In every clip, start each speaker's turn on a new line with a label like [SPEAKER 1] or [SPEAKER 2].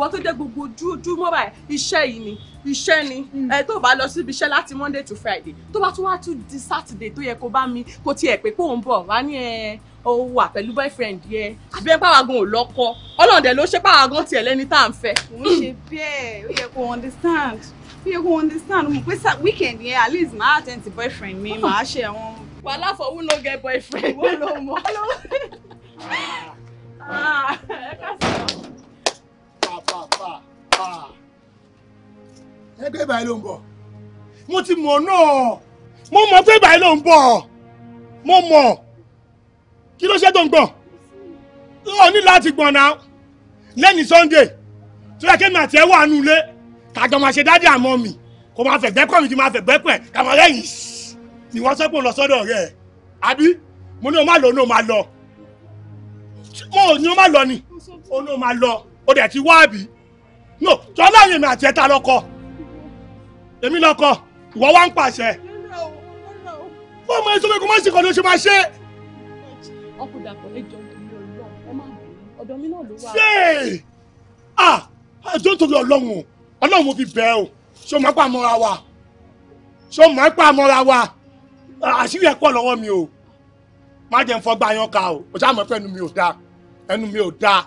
[SPEAKER 1] ìwọ tó jẹ́ gbogbo ojoojúmọ́ báyìí iṣẹ́ yìí ni iṣẹ́ ni mm. ẹ tó bá lọ síbi iṣẹ́ láti monday to friday tó bá tún wá tún di saturday tó yẹ kó bá mi kó tiẹ̀ pé kó ń bọ̀ wá ní ẹ ó wà pẹ̀lú boyfriend yẹ àbí ẹ pàwágan ò lọ́kọ ọlọ́ọ̀dẹ ló ṣe pàwágan tiẹ̀ lẹ́ni tá à ń fẹ́. mo ń ṣe bẹ́ẹ̀ ó yẹ kó understand ó yẹ kó understand mo pé weekend yẹn at least máa attend to boyfriend mi hmm. máa ṣe àwọn. wàhálà for who no get boyfriend. wọ́n ló mọ̀ ọ́ ló. Ah, ẹ ká sọ. Ah.
[SPEAKER 2] ẹgbẹ́ ìbàyí ló ń bọ̀ mo ti mọ̀ náà mo mọ̀ pé ìbàyí ló ń bọ̀ mo mọ̀ kí ló ṣe tó ń gbọ̀n ó ní láti gbọ̀n náà lẹ́ni Sunday tó yẹ kémi àti ẹ wà nù ilé kàjọ máa ṣe dájú àmọ́ mi kò máa fẹ̀gbẹ́ pẹ̀ mi kì í máa fẹ̀gbẹ́ pẹ̀ kàmọ́ lẹ́yìn ni wọ́n sẹ́kùn lọ sọ́dọ̀ rẹ̀ àbí mo ní o má lọ o ní o má lọ mo ní o má lọ ni o ní o má lọ o dẹ̀ ti wá àbí sọ láàyè mi àti ẹta lọkọ èmi lọkọ ìwọ wá ń pàṣẹ fún ọmọ ẹsọ pé kò má ṣe kọ ló ṣe máa ṣe.
[SPEAKER 1] ọkùnrin àpò ẹjọ ìlú Ọlọ́run ẹ má bọ ọ̀dọ̀ mi náà ló
[SPEAKER 2] wà. ṣé à àjọ nítorí Ọlọ́run Ọlọ́run fi bẹ̀ ẹ́ o ṣé o máa pa àmọ́ra wa ṣé o máa pa àmọ́ra wa àṣírí ẹ̀ pọ̀ lọ́wọ́ mi o má jẹ́ ń fọgbà yan ká o o mọ̀ pé ẹnu mi ò dáa ẹnu mi ò dáa.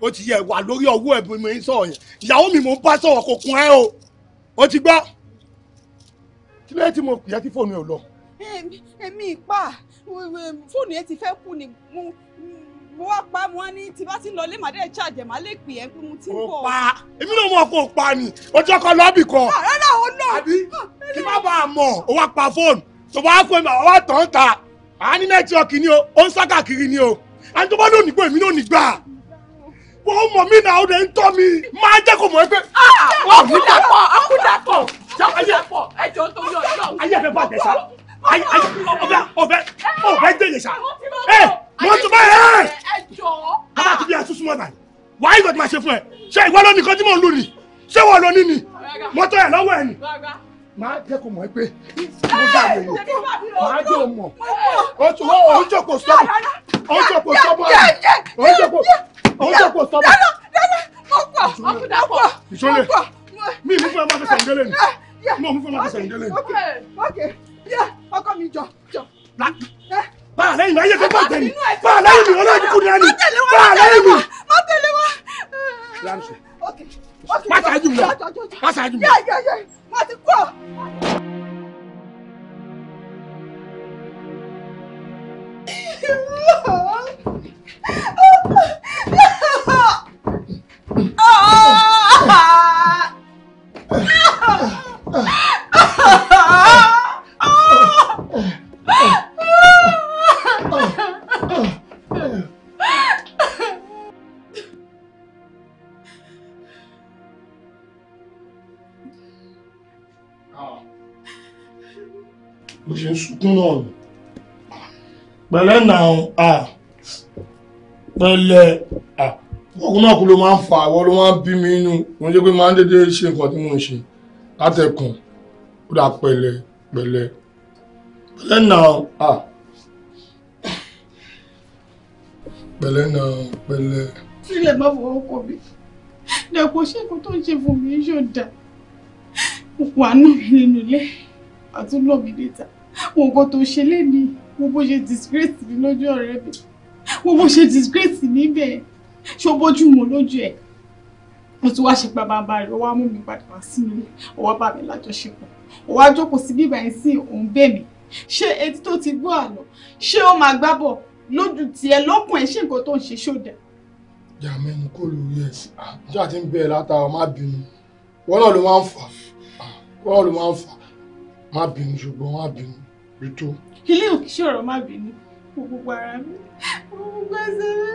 [SPEAKER 2] O ti yẹ wà lórí ọwọ́ ẹ̀ bí mo ń sọ̀rọ̀ yẹn ìyàwó mi mò ń bá sọ̀rọ̀ kò kún ẹ́ o ó ti gbọ́ kí lóye tí mo pè é tí fóònù ẹ̀ ò lọ.
[SPEAKER 1] èmi ìpà fóònù yẹn ti fẹ́ kú ni mo wá pa mo wá ní tí bá ti lọ lé màdé ẹ̀ ṣáàjẹ̀ má lè pè é pé mo ti ń o pa
[SPEAKER 2] èmi náà mọ̀ kó o pa ni ọjọ́ kan lọ́bì kan. Ah, rárá o náà. àbí ah, kí má bàa mọ̀ o wá pa fóònù tó bá fún mi àwọn àtọ̀ ń ta àá ní nẹ́tíwọ̀kì ni o ó ń sá ni o àti tó bá lónìí pé èmi náà wọ́n mọ̀ mí náà ó lè ń tọ́ mi máa jẹ́ kó mọ̀ ẹ́ pé. ọkùnrin ọkùnrin ọkùnrin ẹjọ́ tó yọ ọjọ́. ayé ẹ fẹ́ bàjẹ́ sá ayé ọbẹ̀ ọbẹ̀ ọbẹ̀ jẹ̀yẹ̀ sá ẹ mọ́tò báyẹn. ẹjọ́. bàbá àti bí a tún súnmọ́ náà wàá ìgbà tí màá ṣe fún ẹ ṣé ìwọ ló ní kan tí mò ń lù ní ṣé wọ́n lọ ní ni mọ́tò ẹ̀ lọ́wọ́ ẹ̀ ni máa jẹ́ kó mọ̀ ẹ́ pé mo dá òun tó kò sọ bá. yálà mo pọ ọkùnrin pọ mo pọ. mi mú fún ẹ máa fẹsẹ̀ ìdílé ni eh, mo mú fún ẹ máa fẹsẹ̀ ìdílé ni. ok ok ọkọ mi jọ jọ. Eh. báà lẹ́yìn mi ayé tó bàjẹ́ ni báà lẹ́yìn mi ọlọ́ọ̀dún kúndé ni báà lẹ́yìn mi. má tẹ̀lé wa. ok ok má ṣáájú mi má ṣáájú mi.
[SPEAKER 3] má ti kú ọ. Oh,
[SPEAKER 4] ọlọ́run pẹ̀lẹ́ náà à pẹ̀lẹ́ à ọkùnrin náà kú ló máa ń fa àwọ̀ ló máa ń bí mi inú mo jẹ́ pé máa ń dédé ṣe nǹkan tí mo ń ṣe látẹ̀kùn ó dà pẹ̀lẹ́ pẹ̀lẹ́ pẹ̀lẹ́ náà à pẹ̀lẹ́ náà pẹ̀lẹ́.
[SPEAKER 1] sílẹ̀ má fọwọ́ kọ mi dẹ̀kun ṣẹ́kun tó ń ṣe fún mi yóò dà wà náà nínú ilé àtúnlọ́mídẹ́ta wo nǹkan tó ṣe léni wo bó ṣe disgrace mi lójú ọ̀rẹ́ mi wo bó ṣe disgrace níbẹ̀ ṣó bójú mu lójú ẹ̀ mo ti wá ṣe pàbàbà rẹ̀ ó wá mú mi padà wá sí mi ó wá bá mi lájọṣepọ̀ ó wá jókòó sí bíbá yẹn sí òun bẹ́ẹ̀ mi ṣé etí tó ti gbọ́ àlọ́ ṣé ó máa gbábọ̀ lójú tiẹ̀ lọ́kùn ẹ̀ ṣé nǹkan tó ń ṣe ṣódà.
[SPEAKER 4] ìyá mẹ́nu kò lórí ẹ̀ ìjà ah, ti ń bẹ̀ látara má bínú wọn náà ló máa ń fà ah, wọn náà ló máa ń fà má bínú ṣùgbọ́n má bínú. Ètò.
[SPEAKER 1] Ilé òkè ṣọ̀rọ̀ má bínú. Gbogbo ara mi. Gbogbo ẹsẹ̀ mi.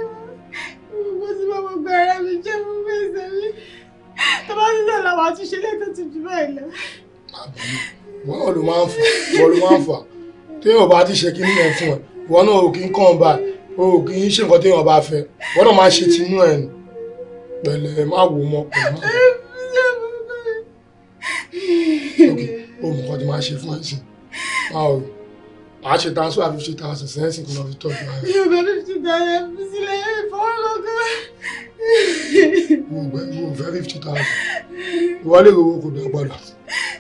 [SPEAKER 1] Gbogbo sí bá gbogbo ara mi jẹ́ gbogbo ẹsẹ̀ mi. Tọ́lá sílẹ̀ làwọn àtúnṣe lẹ́tọ̀ ti jù bẹ́ẹ̀
[SPEAKER 2] lọ.
[SPEAKER 4] Wọ́n ló máa ń fà. Wọ́n ló máa ń fà. Téèyàn bá ti ṣe kí nínú ẹ̀ fún ẹ̀. Ìwọ náà ò kí ń kàn bá o kì í ṣe nǹkan téèyàn bá fẹ́. Wọ́n náà máa ṣe tinú ẹ̀ nù. Pẹ̀lẹ́ má wò mọ́ pẹ̀lú. Ok, ó mọ̀ kọ́ ti máa ṣe fún ẹ̀ sí i a ò a ṣe transfer fifty thousand sẹ́yìn kò lọ fi tọ́jú ara.
[SPEAKER 3] yóò bá fifty thousand fi sílẹ̀ ìfowópamọ́.
[SPEAKER 4] mo gbẹ mo fẹ́ fifty thousand ìwọlé owó kò dá padà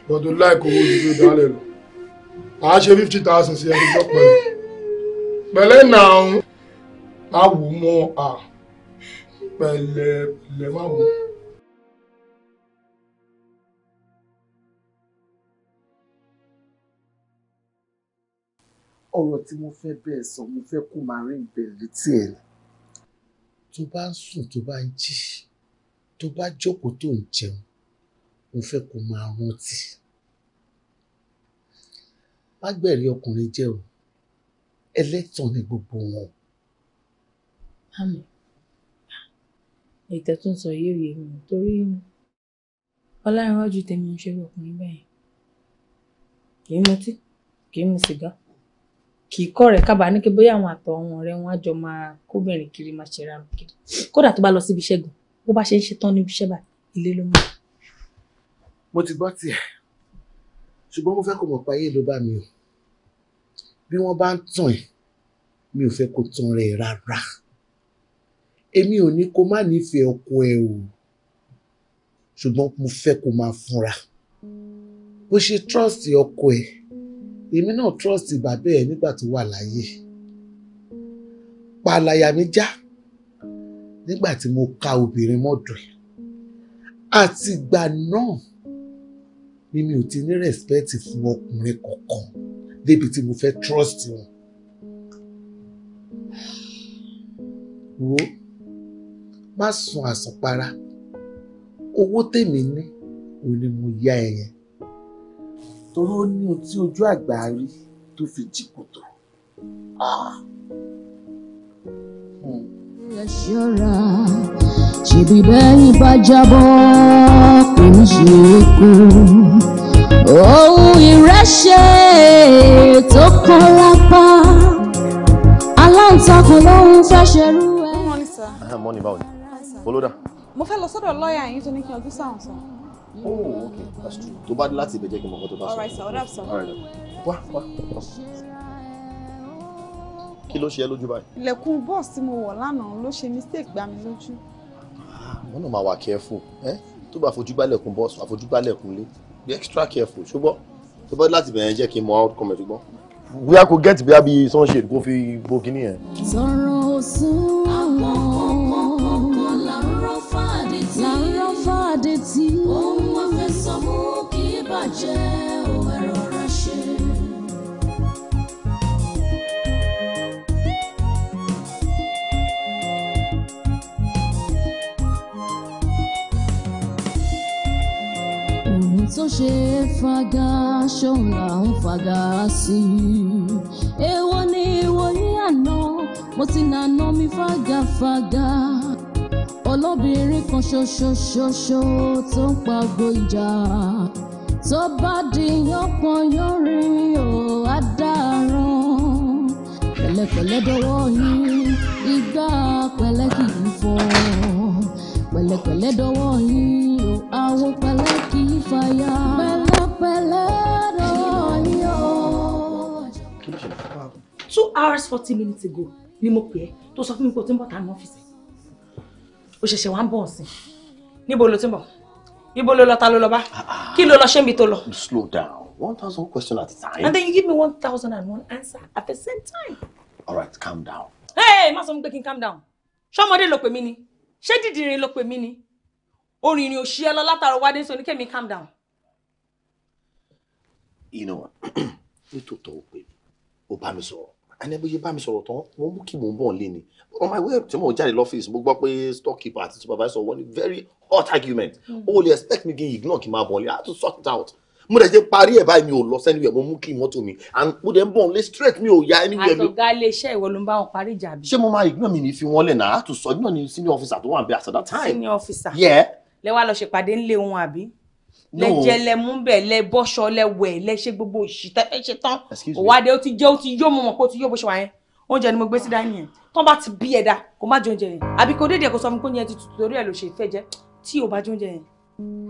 [SPEAKER 4] bọ́dọ̀ láìkó owó ju tó dálẹ̀ lọ a ṣe fifty thousand sí ẹni tó pẹ̀lú pẹ̀lẹ́ náà máa wù ú mọ́ a
[SPEAKER 5] pẹ̀lẹ́ pẹ̀lẹ́ máa wù ọ̀rọ̀ tí mo fẹ́ bẹ́ẹ̀ sọ mo fẹ́ kó máa rìn bẹ̀ létí ẹ̀ tó bá ń sùn tó bá ń jí tó bá jókòó tó ń jẹun mo fẹ́ kó máa rántí má gbẹ̀rí ọkùnrin jẹ́ o ẹlẹ́tàn ni gbogbo wọn.
[SPEAKER 1] àmọ́ ètò tó ń sọ yìí rèé mi torí ọlárànwájú tèmi ń ṣe ọkùnrin bẹ́ẹ̀ kì í mutí kì í mu sìgá kì í kọ́ rẹ̀ kábàá ní kí bóyá àwọn àtọ̀ àwọn ọ̀rẹ́ wọn á jọ máa kóbìnrin kiri máa ṣe ránu kiri kódà tó bá lọ síbi iṣẹ́ gan bó bá ṣe ń ṣetán níbi iṣẹ́ báyìí ilé ló mú.
[SPEAKER 5] mo ti gbọ́ tiẹ̀ ṣùgbọ́n mo fẹ́ kó mọ̀ pé ayé ló bá mi o bí wọ́n bá ń tàn ẹ́ mi ò fẹ́ kó tàn rẹ̀ rárá èmi ò ní kó má nífẹ̀ẹ́ ọkọ ẹ o ṣùgbọ́n mo fẹ́ kó máa fúnra bó ṣe trust ọkọ ẹ̀ èmi náà trust bàbá ẹ nígbà tó wà láyé pàlàyà mi já nígbà tí mo ka obìnrin mọ́dọ̀ ẹ̀ àtìgbà náà ni mi ò ti ní respect fún ọkùnrin kankan débi tí mo fẹ́ trust wọn. wo má sun àsùnpara owó tèmi ní òun ni mo yá ẹ yẹn torí ó ní ohun tí ojú àgbà rí tó fi jí kòtò.
[SPEAKER 3] Ah. Hmm. ẹ ṣọ́ra ṣèbí bẹ́yìn bá jábọ́ kò ní ṣe é kú ohun ìrẹsẹ̀ tó kọ́ lápá
[SPEAKER 6] aláǹtakùn ló fẹ́
[SPEAKER 3] ṣerú
[SPEAKER 1] ẹ̀. mọ́ni ah, báwo ni olódà. mo fẹ́ lọ sọ́dọ̀ lọ́ọ̀yà yín tó ní kí ọdún sáwọn sọ oh okay that's true
[SPEAKER 6] tó bá dé láti ibẹ̀ jẹ́ kí n mọ̀ kó tó bá sọ. alright sir ọ̀dà sọ. wá wá kí ló ṣe ẹ́ lójú báyìí.
[SPEAKER 1] ilẹ̀kùn bọ́ọ̀sì tí mo wọ̀ lánàá ló ṣe mistake gbá mi lójú.
[SPEAKER 6] wọn náà máa wà careful ẹ tó bá fojú gbálẹ̀kùn bọ́ọ̀sì àfojú gbálẹ̀kùn lé be extra careful ṣùgbọ́n tó bá dé láti ibẹ̀ yẹn jẹ́ kí n mọ outcome ẹ̀ ṣùgbọ́n bóyá kò get bóyá bí sunshade kò fi bo kínní yẹn.
[SPEAKER 3] sọ̀rọ̀ sún àwọn pàdé tí. ohun wọn fẹ́ sọ mú kí bàjẹ́ ò ẹ̀rọ rẹ̀ ṣe. ohun tó ṣe é fagá ṣóun là ń fagá sí i èèwọ̀ ni ìwòye àná mo ti nànà mi fágàfágà olóbìnrin kan ṣoṣoṣoṣo tó ń pagbo ìjà tó bá di yánpọn yánrin ò á dáràn pẹ̀lẹ́pẹ̀lẹ́ yín igbá pẹ̀lẹ́ kì í fọ́ pẹ̀lẹ́pẹ̀lẹ́ dọwọ́ yín ò àwo pẹ̀lẹ́ kì í fàyà pẹ̀lẹ́pẹ̀lẹ́ dọwọ́ yín ò.
[SPEAKER 1] two hours forty minutes ago ni mo pè é tó sọ fún mi pé o ti ń bọ̀ ta ní ọ́fíìsì o ṣẹ̀ṣẹ̀ wá ń bọ̀ ọ̀sìn níbo ló ti ń bọ̀ ibo ló lọ ta ló lọ bá kí ló lọ ṣé ibi tó
[SPEAKER 6] lọ. slow down one thousand question at a time. and then you
[SPEAKER 1] give me one thousand and one answer at the same time. all right calm down. hey má sọ fún pé kí n calm down ṣọmọdé ló pè mí ni ṣé dídìrín ló pè mí ni orin ni òṣì ẹ lọ látara wádé sọ ní kẹmi calm down.
[SPEAKER 6] you know nítòótọ́ ó pè mí ó bá mi sọ̀rọ̀ anẹ́bóyè bá mi sọ̀rọ̀ tán wọ́n mú kí mò ń bọ̀ ń lé ni on my way tí mò ń jáde lọ́fíìsì mo gbọ́ pé store keeper àti supervisor wọ́n ní very hot argument hmm. ó lè expect me kí n ignore kí n máa bọ̀ ń lé i had to sort it out mo dẹ̀ ṣe parí ẹ̀ báyìí mi ò lọ anywhere mo mú kí mọ́tò mi and mo dẹ̀ ń bọ̀ ń lé straight mi ò ya anywhere mi.
[SPEAKER 1] àtọ̀gá ilé iṣẹ́ ìwọ ló ń bá wọn parí ìjà bí.
[SPEAKER 6] ṣé mo máa ignore mi ní fi wọn lẹ̀ náà i had to sort it out senior officer tó wà ń bẹ
[SPEAKER 1] at that time. senior officer. yeah. lẹ́wà lọ ṣèpàdé ńlé wọn àbí
[SPEAKER 3] lẹjẹ lẹ
[SPEAKER 1] mú bẹ lẹ bọṣọ lẹ wẹ lẹ ṣe gbogbo òṣìṣẹ ẹ ṣe tán òwádẹ ó ti jẹ ó ti yó mọ pé ti yó bó ṣe wà yẹn oúnjẹ ni mo gbé sí dání yẹn tán bá ti bí ẹ̀dá kò má jẹ yẹn àbí kò dédé kò sọ fún mi pé ti tutù torí ẹ ló ṣe fẹ́ jẹ tí ò bá jẹ yẹn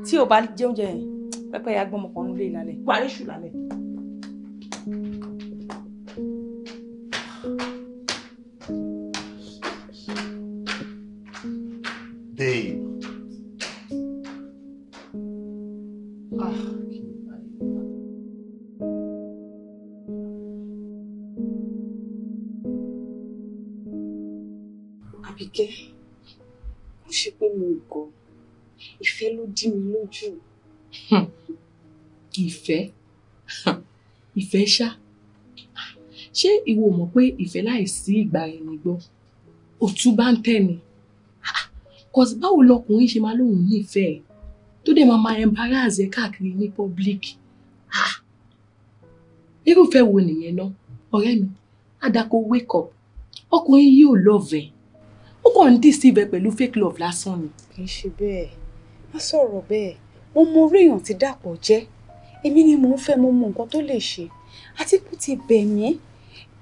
[SPEAKER 1] tí ò bá jẹ yẹn pẹpẹ ya gbọmọ kan nílé ìlàlẹ parí ṣù lálẹ́.
[SPEAKER 3] babe Àbíkẹ́
[SPEAKER 1] kò ṣe pé mo gọ̀ ìfẹ́ ló dí mi lójú. Hmm. Ìfẹ́ ìfẹ́ ṣá ṣé ìwọ mọ̀ pé ìfẹ́ láìsí ìgbà ẹni gbọ́ òtún bá ń tẹ̀ ni cause báwo lọkùnrin ṣe máa lóun nífẹ̀ẹ́ tó dẹ̀ máa máa embarrass ẹ káàkiri ní public ah! irúfẹ́ wo nìyẹn náà ọ̀rẹ́ mi àdàkọ wake up ọkùnrin yìí ò lọ́ọ̀vẹ̀ẹ́ ó kàn ń deceive pẹ̀lú fake love lásán ni. kì í ṣe bẹ́ẹ̀ má sọ̀rọ̀ bẹ́ẹ̀ mo mọ orí èèyàn ti dàpọ̀ jẹ́ èmi ni mò ń fẹ́ mo mọ nǹkan tó lè ṣe àti kù ti bẹ̀ mí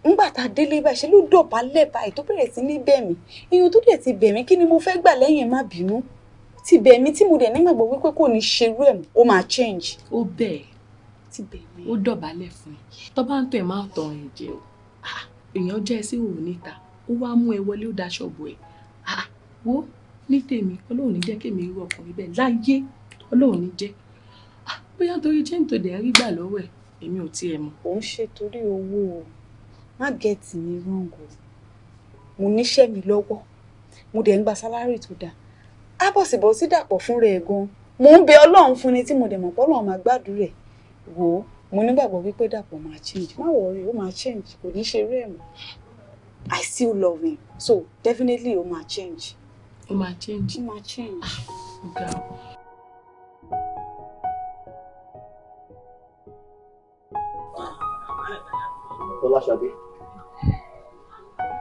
[SPEAKER 1] ńgbà tá a délé báyìí ṣe ló dọ̀bálẹ̀ báyìí tó bẹ̀rẹ̀ sí ní bẹ̀ mí èèyàn tó dẹ̀ ti bẹ̀ kí ni mo fẹ́ gbà lẹ́yìn má bínú ti bẹ̀ mí tí mo dẹ̀ nígbàgbọ́ wípé kò ní ṣerú ẹ̀ ó máa change. ó bẹ́ẹ̀ ti bẹ̀ mí. ó dọ̀bálẹ̀ fún ẹ tó bá ń tọ́ ẹ máa tọ̀ ẹ̀ jẹ́ o ah, èèyàn jẹ́ ẹ sí òun níta ó wá mú ẹ wọlé ó daṣọ bò ẹ̀ wo ní tèmi ọlọ́run ní jẹ́ kémi irú ọkùnrin bẹ́ẹ̀ láyé ọlọ́run ní jẹ́ ah, bóyá torí jẹ́ nítorí ẹ̀rí gbà lọ́wọ́ ẹ̀ èmi ò tiẹ̀ mọ̀. ò ń ṣe torí owó o má gẹ̀ẹ́tì mi rọ̀ǹgò mo níṣẹ́ mi lọ́wọ́ mo dẹ̀ ń gba sálárì tó dáa á bọ̀ sí bọ́ sí dàpọ̀ fún rẹ̀ gan mo ń bẹ ọlọ́run fún ni tí mo dẹ̀ mọ̀ pé ọlọ́run máa gbàdúrà ẹ̀ wò ó mo nígbàgbọ́ wípé dàpọ̀ máa change má wọrí ó máa change kò ní ṣerú ẹ̀ mọ́. I still love him. So definitely ó máa change. Ó máa change. Ó máa change. Ah, ọ̀gá. Fọláṣadé.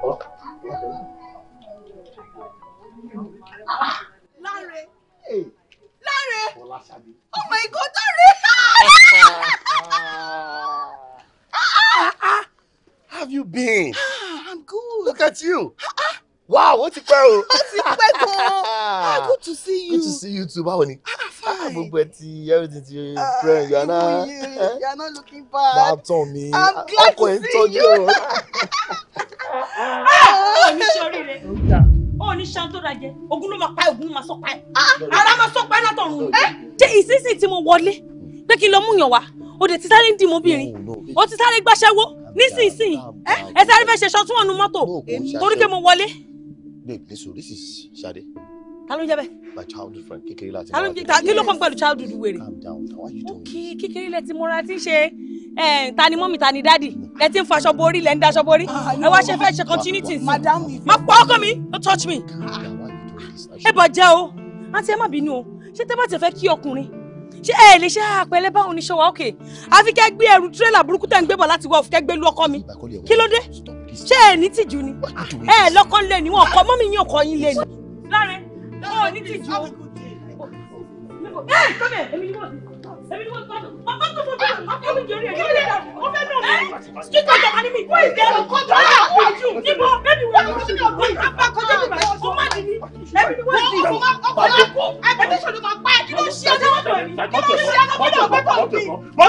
[SPEAKER 1] Ọ̀. Láre. Láre. Fọláṣadé. Oh my God, Láre.
[SPEAKER 2] Ah, ah, have you been?
[SPEAKER 6] Ah, I'm good. Look at you. Ah, ah. Wow, ó ti pẹ́ o. Ó ti pẹ́ gan
[SPEAKER 3] ah,
[SPEAKER 6] Good to see you. Good to see you too. Báwo ni? Fine. Gbogbo ẹ ti everything ti friend. You are not.
[SPEAKER 1] not looking bad.
[SPEAKER 6] Máa tàn mí. I'm glad to see you.
[SPEAKER 1] Ọ̀ní ṣoríire. oh, ṣan tó rajẹ. Ogun ló máa pa ogun ló máa sọ pa ẹ̀. Ara máa sọ pa ẹ̀ látọ̀run. Eh, ṣé ìsinsìn tí mo wọlé pé kí n lọ mú yàn wá? O dẹ̀ ti sáré ń dì mọ́ obìnrin. O ti sáré gbàṣẹ́wó nísinsìnyí ẹ ẹ sáré fẹ́ ṣe ṣọtún ọ̀nù mọ́tò torí pé mo wọlé.
[SPEAKER 6] babe listen this is Ṣadé.
[SPEAKER 1] ta ló ń jẹ bẹ́ẹ̀. my childhood friend kékeré láti. ta ló ń jẹ kí ló kàn pẹ̀lú childhood wèrè. calm down how are you doing. okay kékeré lẹ ti mọra ti ṣe ta ni mọ́mì ta ni dádì lẹ ti ń faṣọ borí lẹ ń daṣọ borí ah, ẹ wá ṣe fẹ́ ṣe continuity. madam ma pa ọkọ mi don't touch me. ẹ bọ̀ jẹ́ o àǹtí ẹ má bínú o ṣé tẹ́ bá ti fẹ́ kí ọkùnrin ṣé ẹ lè ṣe àpẹẹlẹ báwọn oníṣẹ́ wa òkè àfi kẹ́ gbé ẹrù tírélà burúkú tẹ̀ ń gbé bọ̀ láti wọ̀ kẹ́ gbé lu ọkọ mi kí ló dé ṣé ẹ ní tìjú ni ẹ lọ́kàn lé ni wọn kọ mọ́mí yín ọkọ yín lé ni. láre lọ́wọ́ ní tìjú o. ẹ kọ́mẹ̀ èmi ni mo ti èmi ni wọ́n ti gbádùn
[SPEAKER 3] bàbá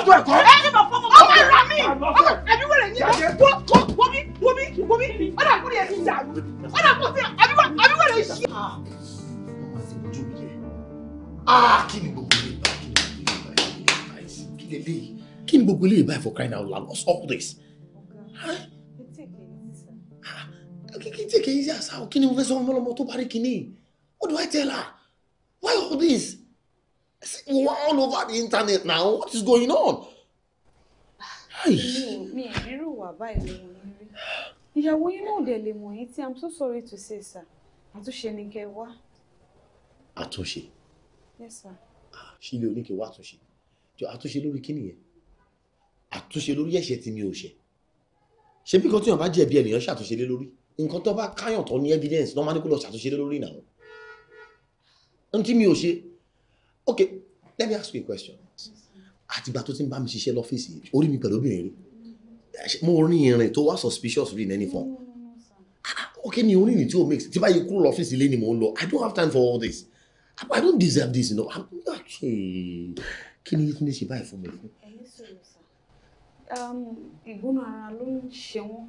[SPEAKER 2] tó tó
[SPEAKER 6] bẹ̀rẹ̀ lélẹ̀ yìí kí ni gbogbo eléyìí báyìí for crying out loud Us all this. kí take it easy ah, as how kí ni mo fẹ́ sọ ọmọ ọlọmọ tó parí kínní what do I tell
[SPEAKER 1] her why all this we are all over the
[SPEAKER 6] internet now what is going on.
[SPEAKER 1] Ah, mi ò rí rò wá báyìí lóhun rí ìyàwó yín náà dẹ̀ lè mọ̀ yín tí i'm so sorry to say sir àtúnṣe ni kẹ́ wá.
[SPEAKER 6] àtúnṣe. yes sir. Ah, ṣílẹ̀ oníkẹ́ wá àtúnṣe jọ àtúnṣe lórí kí nìyẹn àtúnṣe lórí ẹ̀ṣẹ̀ tí mi ò ṣẹ̀ ṣé bí kan tí wọn bá jẹ̀bi ènìyàn ṣàtúnṣe lé lórí nǹkan tó bá káyàn tó ní evidence tó ní kó lọ ṣàtúnṣe lé lórí ìnáwó ohun tí mi ò ṣe ok let me ask you a question àtìgbà tó ti ń bá mi ṣiṣẹ́ lọ́fíìsì orí mi pẹ̀lú obìnrin rí mo rí irin tó wá suspicious rí in any form ah, ok ni orí ni tí o mix tí báyìí kúrò lọ́fíìsì lé ni mò ń lọ i don't have time for all this i don't deserve this you know kí ni yíyí ṣe báyìí fún mi
[SPEAKER 1] fún. Um, ìgbóná ara ló ń ṣe wọ́n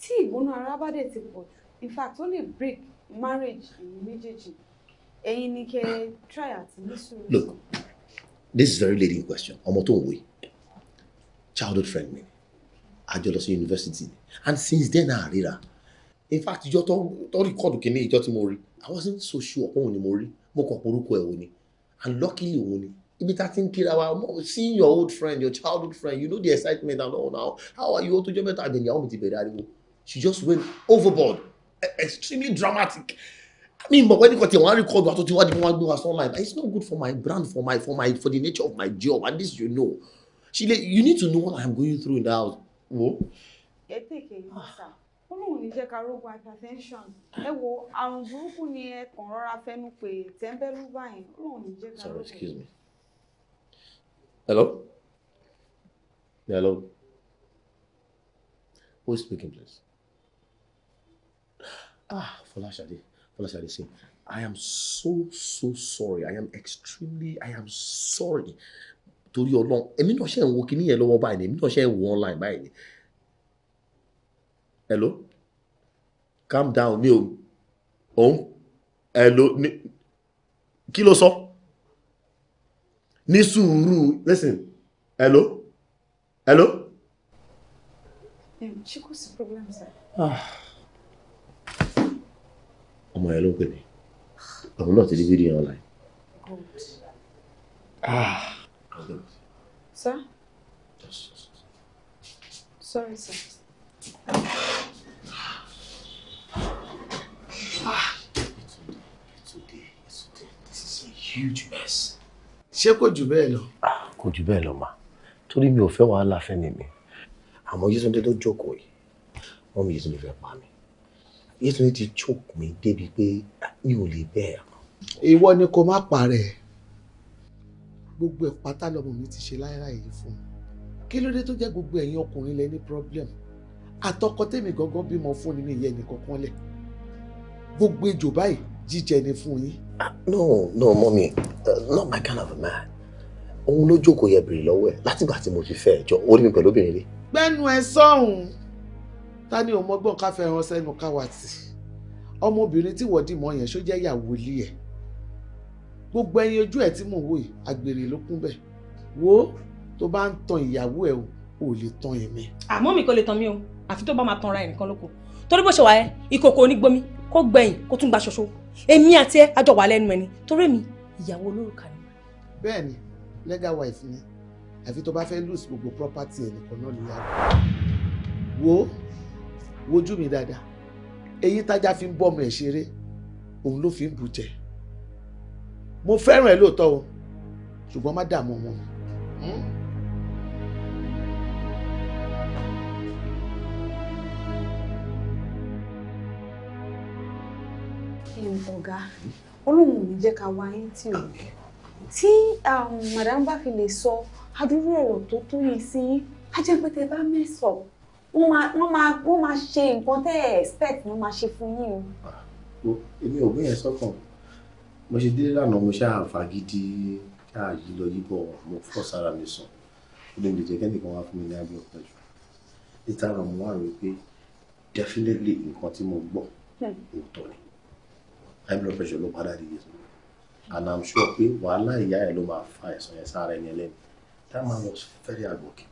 [SPEAKER 1] tí ìgbóná ara bá dẹ̀ ti pọ̀ jù in ó lè break marriage ẹ̀yin méjèèjì ẹ̀yin ni kẹ́ try àti ní sùúrù.
[SPEAKER 6] look this is very lady in question ọmọ tó ń wé childhood friend mi àjọ lọ sí university and since then àríra in fact ìjọ tó rìkọ́dù kìíní ìjọ tí mo rí i wasn't so sure òun ni mo rí mo kàn porúkọ ẹ̀ wò ni and luckily òun ni ibi tá a ti ń kíra wa seeing your old friend your childhood friend you know the excitement and all now how are you ó tó jẹ́ mẹ́ta àdéhùn ìyàwó mi ti bẹ̀rẹ̀ ariwo she just went overboard e, extremely dramatic i mean but when you continue one record wa to ti wa di one gbé wa sun line it's no good for my brand for my for my for the nature of my job and this you know she like you need to know what i'm going through in that house wo.
[SPEAKER 1] ẹ tèké yìí sá olóhùn ní jẹ́ ká rogun hypertension ẹ wo àrùn burúkú ni ẹ kàn rọra fẹ́nu pé tẹ́ńbẹ́lú báyìí olóhùn ní jẹ́ ká rogun. sorry excuse me. Hello?
[SPEAKER 6] Hello? Who is speaking, please? Ah, Folashade. Folashade, see, I am so, so sorry. I am extremely, I am sorry. Torí Ọlọ́run, èmi náà ṣe ń wo kíní yẹn lọ́wọ́ báyìí ni, èmi náà ṣe wo online báyìí ni. Hello? Calm down, mi ò. Òun? Hello? Kí ló sọ? ní sùúrù listen hello hello.
[SPEAKER 1] ṣé kò problem sir. Ah.
[SPEAKER 6] ọmọ ẹ ló ń pè mí àwọn náà ti rí fídíò online. ah.
[SPEAKER 1] sir. sorry sir.
[SPEAKER 5] Ah, it's okay, it's okay. This is a huge mess ṣé kò jù bẹ́ẹ̀ lọ. Ah,
[SPEAKER 6] kò jù bẹ́ẹ̀ lọ mà torí mi ò fẹ́ wàhálà fẹ́mi mi àmọ́ Yétúndé tó jókòó yìí wọ́n mi Yétúndé fẹ́ pa mi Yétúndé ti choke mi débi pé ah, mi ò lè bẹ́ẹ̀.
[SPEAKER 5] ìwọ ni kò má parẹ́ gbogbo ẹ̀ pátá lọmọ mi ti ṣe láíláí yìí fún mi kí ló dé tó jẹ́ gbogbo ẹ̀yin ọkùnrin lẹ ní problem àtọkọ tèmi gangan bímọ fún ni mi ìyẹn nìkan kan lẹ̀ gbogbo ejò báyìí jíjẹ ni fún yín
[SPEAKER 6] no no mommy. uh, not my kind of a man òun ló jókòó yẹ bèrè lọ́wọ́ ẹ̀ látìgbà tí mo ti fẹ́ ẹ̀ jọ orí mi pẹ̀lú obìnrin rí.
[SPEAKER 5] gbẹ́nu ẹ sọ́hùn ta ni òun ọgbọ́n ká fẹ́ràn sẹ́nu káwàtì ọmọbìnrin tí wọ́n dìmọ̀ yẹn ṣó jẹ́ ìyàwó ilé ẹ̀ gbogbo ẹyin ojú ẹ̀ tí mò ń wò yìí àgbèrè ló kún bẹ̀ wo tó bá ń tan ìyàwó ẹ̀ o ò lè tan èmi.
[SPEAKER 1] àmọ́ mi kò lè tan mi o àfi tó bá máa tan ra ẹ̀ nìkan lóko torí bó ṣe wà ẹ́ ìkòkò onígbomi kó gbẹ̀yìn kó tún gba ṣoṣo èmi àti ẹ àjọ wà lẹ́nu ẹni torí mi ìyàwó olórùka ni.
[SPEAKER 5] bẹ́ẹ̀ni legal wife ni àfi tó bá fẹ́ lose gbogbo property ẹ̀ nìkan náà lóyà wo wojú mi dáadáa èyí tájà fi ń bọ́mọ ẹ̀ ṣeré òun ló fi ń bù jẹ mo fẹ́ràn ẹ lóòótọ́ o ṣùgbọ́n má dààmú ọmọ mi.
[SPEAKER 3] Hmm?
[SPEAKER 1] ọ̀gá ọlọ́run ò ní jẹ́ ká wá yín tì ó tí madam bá fi lè sọ adúrú ọ̀rọ̀ tó tó yìí sí yín á jẹ́ pé tẹ bá mẹ́sọ̀ wọ́n máa ṣe nǹkan tẹ́ ẹ̀ expect ni wọ́n máa ṣe fún yín o. Ah,
[SPEAKER 6] èmi ò gbìyànjú sọ́kàn mo ṣe délé lánàá mo ṣáà fagídí ṣáà yí lọ yíbọ̀ mo fọ́ sára mi sùn ó lè jẹ́ kẹ́nìkan wá fún mi ní abẹ́ ọ̀pẹ jù níta àwọn ọmọ wa rò pé definitely nǹkan tí mo gbọ́ hmm. òótọ́ ni high blood pressure ló padà dìde sọ and i'm sure pé wàhálà ìyá ẹ ló máa fa ẹ̀sán yẹn sára ẹni ẹlẹ́ni that man was very hardworking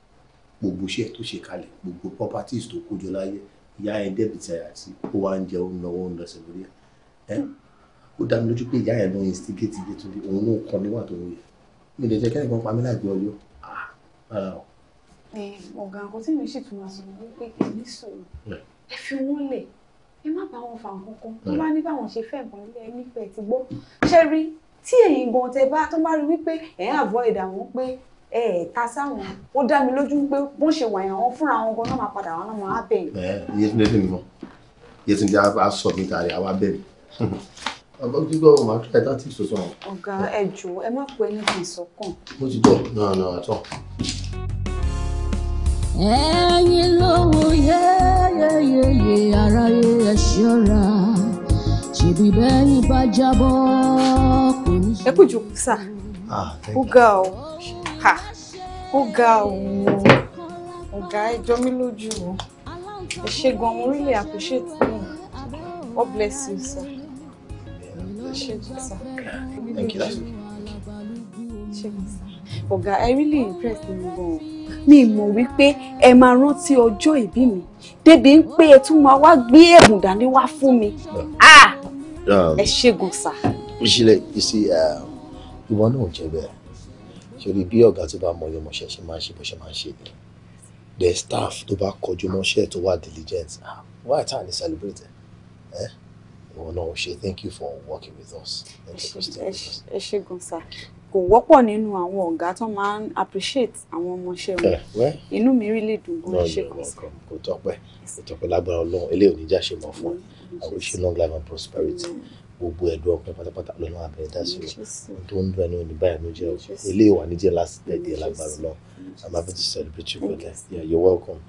[SPEAKER 6] gbogbo iṣẹ́ tó ṣe kalẹ̀ gbogbo properties tó kójọ láyé ìyá ẹ dẹ́bìtì àti ó wá ń jẹ ó ń náwó ń lọ́sẹ̀ lórí ẹ̀ ó dá mi lójú pé ìyá ẹ ló instigate ilé tó dé òun ló ń kọ́ níwà tó ń yẹ mi lè jẹ́ kẹ́nìkan pa mí láàgbé ọyọ́ ah rárá o.
[SPEAKER 1] ọ̀gá àkọ́tí mi sì tún máa sọ wípé kì í sọ̀rọ̀ ẹ fi wọ́n lẹ̀ ẹ má bá wọn fà kankan tó bá ní báwọn ṣe fẹ́ nǹkan ilé ẹni pẹ̀ ti gbọ́ ṣe rí tí ẹ̀yin gan tẹ bá tó bá rí wípé ẹ̀ ń avoid àwọn pé ẹ ẹ̀ ta sáwọn ó dá mi lójú pé bó ṣe wà yẹn àwọn fúnra wọn gan náà máa padà wọn náà máa bẹ̀ yín.
[SPEAKER 6] ẹ iye tí ndéjì mi mọ iye tí ndéjì á sọ mi tàrí àwa bẹ̀ mi ọba gbígbọ́ ọmọ àtúntà ẹ̀dá tí sọ̀sọ̀.
[SPEAKER 1] ọ̀gá ẹ jọ̀ọ́ ẹ má pẹ́ níbi ìsọ̀kan.
[SPEAKER 6] mo ti gbọ́ náà náà àtọ̀.
[SPEAKER 3] ẹ̀yin lówó yẹn. Yeah yeah yeah, ara ṣèbí bẹ́yìn bá jábọ́ kò ní. ẹ kú jù sá ó ga ọ ó
[SPEAKER 1] ga ọ ọ̀gá ẹ jọ mí lójú o ẹ ṣé gan mo really appreciate you God bless you sir
[SPEAKER 3] ẹ ṣé sir. Thank you. Thank
[SPEAKER 1] you ọ̀gá ẹ really impress me. gan-an mi mọ̀ wípé ẹ máa rántí ọjọ́ ìbí mi débi ń pé ẹ tún máa wá gbé ẹ̀bùn dání wá fún mi ah! um, ẹ ṣègùn sà.
[SPEAKER 6] ìṣẹ̀lẹ̀ ìṣe um, ìwọ náà jẹ́ bẹ́ẹ̀ torí bí ọ̀gá tó bá mọ ọyọmọṣẹ́ ṣe máa ń ṣe bó ṣe máa ń ṣe ni the staff tó bá kọjú mọ́ṣẹ́ tó wà diligent ah, why time to celebrate eh? ìwọ náà ṣe thank you for working with us. ẹ
[SPEAKER 1] ṣe gùn sá kò wọ́pọ̀ nínú àwọn ọ̀gá tó máa ń appreciate àwọn ọmọọṣẹ́ wọn eh, inú mi rí lè dùn bó ṣe oh, kọ sí. kò
[SPEAKER 6] tọ́pẹ́ kò tọ́pẹ́ lágbára Ọlọ́run eléyìí ò ní já ṣe mọ fún ẹ mm, I wish you long life and prosperity mm. gbogbo ẹdùn ọpẹ́ pátápátá lọnà abẹẹdá sí mm, o tó ń dún ẹni òní báyìí ló jẹ o eléyìí wà ní jẹ last day díẹ̀ lágbára Ọlọ́run I'm happy to celebrate you brother yeah, you're welcome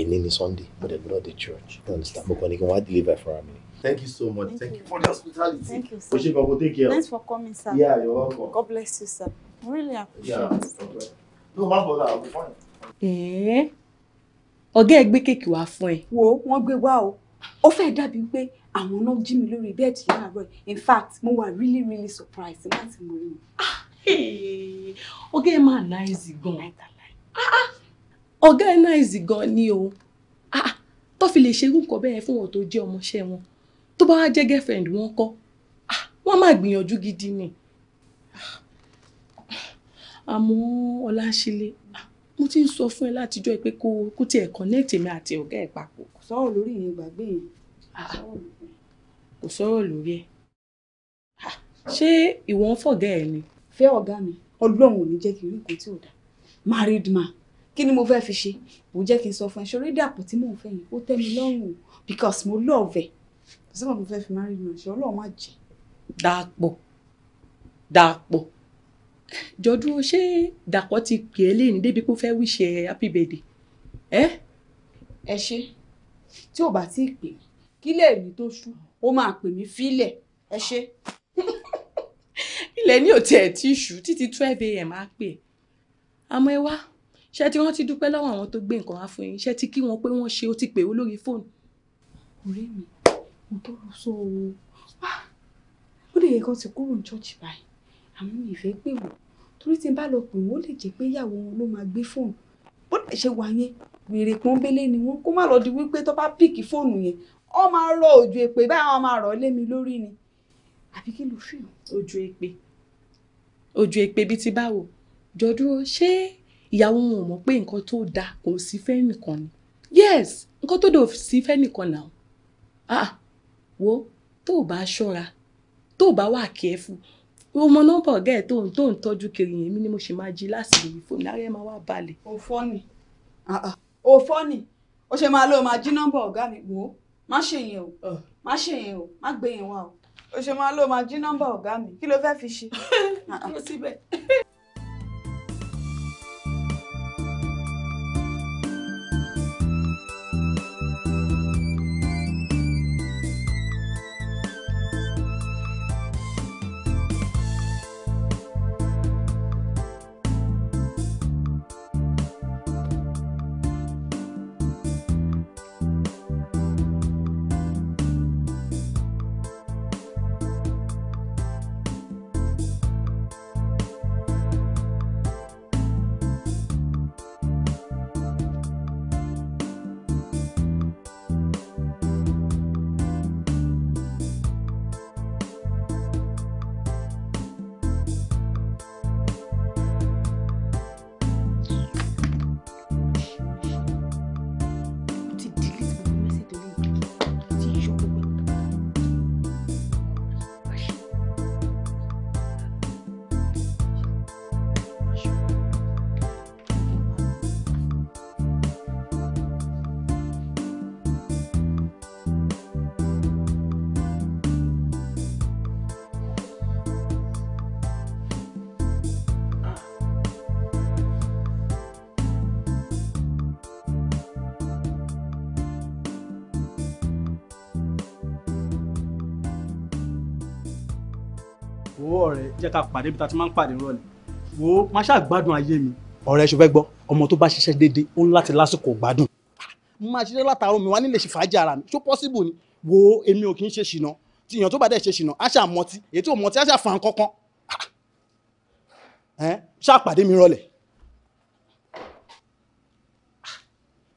[SPEAKER 6] èní ni Sunday mo dẹ̀ gbọ́dọ̀ dé church you understand mo kàn ní kí wọ́n á deliver fúnra mi Thank you so much. Thank, Thank you. you for the
[SPEAKER 1] hospitality. Thank you, sir. Oshiba, take care. Thanks for coming, sir. Yeah, you're welcome. God bless you, sir. Really appreciate yeah, it. Okay. No, man, for that, I'll be fine. Eh? Ọ̀gá ẹ̀ gbé kéèkì wá fún ẹ. Wo wọ́n gbé wá o. Ó fẹ́ dàbí pé àwọn náà jí mi lórí bẹ́ẹ̀dì láàárọ̀. In fact, mo wà really really surprised nígbà tí mo rí wọn. Ah, eh. Ọ̀gá ẹ̀ máa náìsì gan. Ah, ah. Ọ̀gá ẹ̀ náìsì gan ni o. Tó fi lè ṣerú nǹkan bẹ́ẹ̀ fún wọn tó jẹ́ ọmọọṣẹ́ wọn tó bá wá jẹ́ girlfriend wọn kọ́ ah, wọ́n máa gbìyànjú gidi ni ah, àmọ́ ọláṣílé ah, mo ti ń sọ fún ẹ látijọ́ pé kó kó tiẹ̀ connect mi àti ọ̀gá ẹ̀ papọ̀. kò sọ̀rọ̀ lórí ìyẹn gbàgbé yẹn. kò sọ̀rọ̀ lórí ẹ̀ ṣé ìwọ ń fọ̀gá ẹ̀ ni. fẹ́ ọ̀gá mi ọlọ́run ò ní jẹ́ kí n nǹkan tí ò dáa married man kí ni mo fẹ́ fi ṣe mo jẹ́ kí n sọ fún ẹ ṣorí dàpọ̀ tí mò ń fẹ́ yẹn ó tẹ́ mi lọ́rùn o because mo love ẹ̀ kò sí bàbá fẹ́ẹ́ fi má rí mi ṣe ọlọ́run má jẹ́. dàpọ̀ dàpọ̀ jọdún ṣé dàpọ̀ ti pè é léyìn débi kó fẹ́ẹ́ wíṣẹ́ happy birthday ẹ. ẹ ṣe tí ò bá tí ì pè kílẹ̀ mi tó ṣú ó máa pè mí fílẹ̀ ẹ ṣe ilẹ̀ ní òtí ẹ̀ tí ṣù títí twelve a.m. á pè àmọ́ ẹ wá ṣé tí wọ́n ti dúpẹ́ lọ́wọ́ àwọn tó gbé nǹkan wá fún yín ṣé tí kí wọ́n pé wọ́n ṣe ó ti pè ó lórí fóònù. ọ̀rẹ́ mi mo tọrọ sọ o ah, ó lè yẹ kó ti kúrò ní ṣọ́ọ̀ṣì báyìí àmọ́ ìfẹ́ pè wọ́n torí tí n bá lọ pè wọ́n ó lè jẹ́ pé ìyàwó wọn ló máa gbé fóònù bó lè ṣe wà yẹn wèrè pọ́nbélé ni wọ́n kó má lọ di wípé tó bá píìkì fóònù yẹn ọ máa rọ òjò èpè báyìí àwọn máa rọ lé lórí ni àbí kí ló fi hàn. òjò èpè òjò èpè bíi ti báwo jọdúró ṣé ìyàwó wọn ò mọ̀ pé nǹkan tó dáa kò sí fẹ́ nìkan ni yes nǹkan tó dò sí fẹ́ nìkan náà ah, wo tó o bá ṣọ́ra tó o bá wà kẹ́fù o mọ nọ́mbà ọ̀gá ẹ̀ tó ń tó ń tọ́jú kiri yẹn mi ni mo ṣe máa jí láti lórí fóònù lára ẹ̀ máa wá balẹ̀. òfò ni òfò ni ó ṣe máa lọ máa jí nọ́mbà ọ̀gá mi wò ó má ṣe yẹn o má ṣe yẹn o má gbé yẹn wá o ó ṣe máa lọ máa jí nọ́mbà ọ̀gá mi kí ló fẹ́ fi ṣe. lọ ah, ah. síbẹ̀.
[SPEAKER 7] wo ọ̀rẹ́ jẹ́ ká pàdé ibi tá a ti máa ń pàdé rọ̀lẹ́ wo má ṣáà gbádùn ayé mi. ọ̀rẹ́ ṣe fẹ́ gbọ́ ọmọ tó bá ṣiṣẹ́ déédéé ó ń láti lásìkò gbádùn. mo máa ṣiṣẹ́ látàárọ̀ mi wá nílé ṣe fàájì ara mi ṣó pọ́síbù ni wo èmi ò kì í ṣe ṣìnà tí èèyàn tó bá dẹ̀ ṣe ṣìnà á ṣà mọtí èyí tó mọtí á ṣà fà ń kọ́kọ́ ṣáà pàdé mi rọ̀lẹ́. Ah,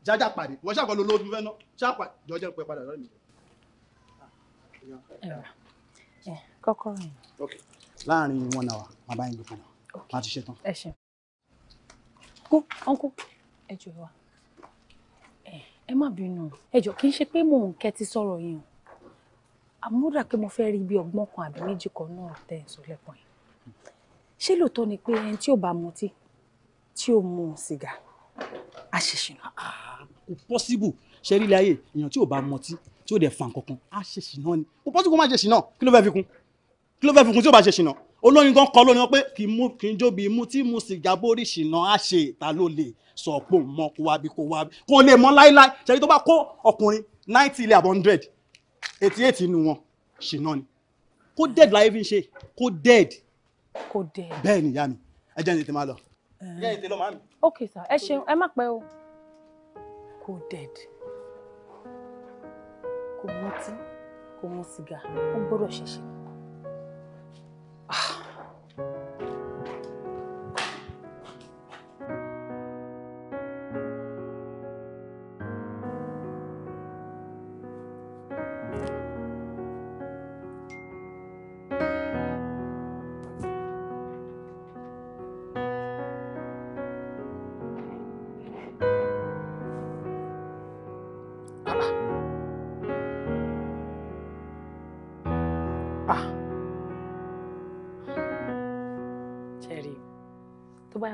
[SPEAKER 7] jájá pàdé wọ́n ṣàkọ́ ló lóògùn fẹ́
[SPEAKER 1] ná kọ́kọ́rọ́ yẹn.
[SPEAKER 7] láàrin one hour màá bá yín gbé padà màá ti ṣetán. ẹ ṣe
[SPEAKER 3] kú
[SPEAKER 1] ọ̀nkú ẹ jọ wa ẹ má bínú ẹ jọ kì í ṣe pé mò ń kẹ́tí sọ̀rọ̀ yẹn o àmúdà pé mo fẹ́ rí bí ọgbọ́n kan àbí méjì kan náà tẹ̀ ń sọ lẹ́pọ̀n yẹn ṣé lóòótọ́ ni pé ẹni tí ò bá mutí tí ò mu sìgá
[SPEAKER 7] á ṣe ṣìnà. Ah, ah, kò pọ́síbù ṣe rí ilé ayé èèyàn tí ò bá mutí tí ò dẹ̀ fa nǹkan kan a ṣe ṣìnà ni kò pọ́síbù kó má ṣe ṣìnà kí ló fẹ́ fi kún kí ló fẹ́ fukun tí ó bá ṣe ṣìnà olóyin gan kọ lóni wọn pé kì í mú kì í jó bí imú tí mo sì jábórí ṣìnà á ṣe ìta ló lè sọ pé òun mọ kó wá bí kó wá bí kó lè mọ láíláí ṣẹ́yìn tó bá kó ọkùnrin ninety ilé àbọ̀ hundred eighty eight inú wọn ṣìnà ni kó dead láyé fi ń ṣe kó dead. kó dead. bẹ́ẹ̀ ni ìyá mi ẹ jẹ́ ní tètè máa lọ.
[SPEAKER 1] ẹ jẹ́ ní tètè lọ màámi. ok sir ẹ ṣeun ẹ má pẹ́ o kó dead kò mọtí kò mọ sìgá ó gbọ́dọ̀ ṣẹ̀ṣẹ̀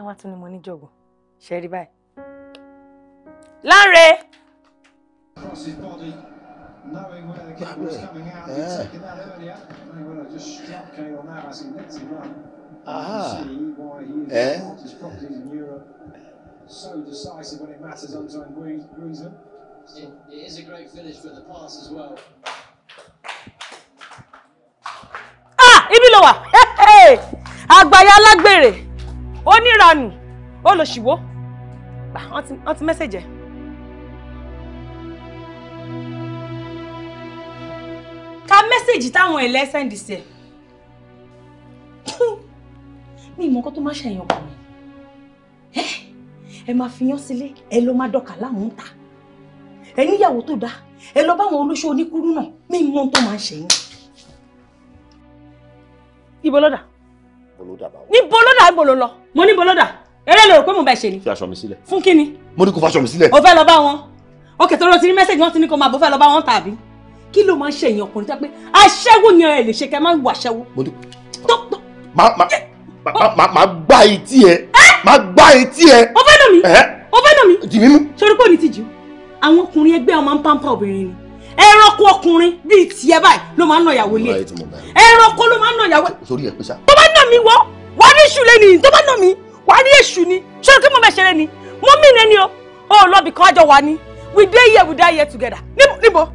[SPEAKER 1] wá tún ni mo ní jọ̀gbọ̀n ṣe rí báyìí. Láre. Eh? Ah! Ibi ló wà! Àgbàyà alágbèrè! oníranù olóṣìwò gbà wọ́n ti mẹ́sẹ̀jẹ̀. ka mẹ́sẹ̀jì táwọn ẹlẹ́sẹ̀ ń dìsẹ̀ ní ìmọ̀ kó tó má ṣẹ̀yàn kù mí ẹ máa fi yán sílé ẹ ló má dọ̀kà láwọn ń ta ẹ níyàwó tó dáa ẹ lọ báwọn olóṣó oníkúrú náà mí mọ́ tó máa ń ibo lọ́dà bọ́lódà báwo. ní bọ́lódà gbòòlò lọ mo ní bọ́lódà eré lè rò pé mo bẹ̀ ṣe ni. fi aṣọ mi sílẹ̀. fún kí ni.
[SPEAKER 6] mo ní kó faṣọ mi sílẹ̀. o
[SPEAKER 1] fẹ́ lọ bá wọn òkè tó rọtí ní mẹ́sẹ̀gì wọn ti ní kó máa bó fẹ́ lọ bá wọn tàbí kí ló máa ń ṣe èèyàn ọkùnrin tó pé aṣẹ́wó ni ẹ lè ṣe kẹ́ máa ń wà aṣẹ́wó.
[SPEAKER 2] mo ní tó tó. màá gbá etí ẹ màá gbá etí ẹ. o fẹ́ nà
[SPEAKER 1] mí o fẹ́ nà mí. jì mí mú. sori pé òní ti jù àwọn ọkùnrin ẹgbẹ́ ọmọ ń pàǹpà obìnrin ni ẹranko ọkùnrin bíi tiẹ̀ báyìí ló máa ń
[SPEAKER 6] nà
[SPEAKER 1] nà mí wọ́ wà á rí èṣù lé nìyí tó bá nà mí wà á rí èṣù ni ṣọ́ọ́ kí mo bẹ̀ ṣẹlẹ̀ ni mo mí ìnẹ́ni o ó lọ bìkan àjọ wà ni we dey here we die here together níbo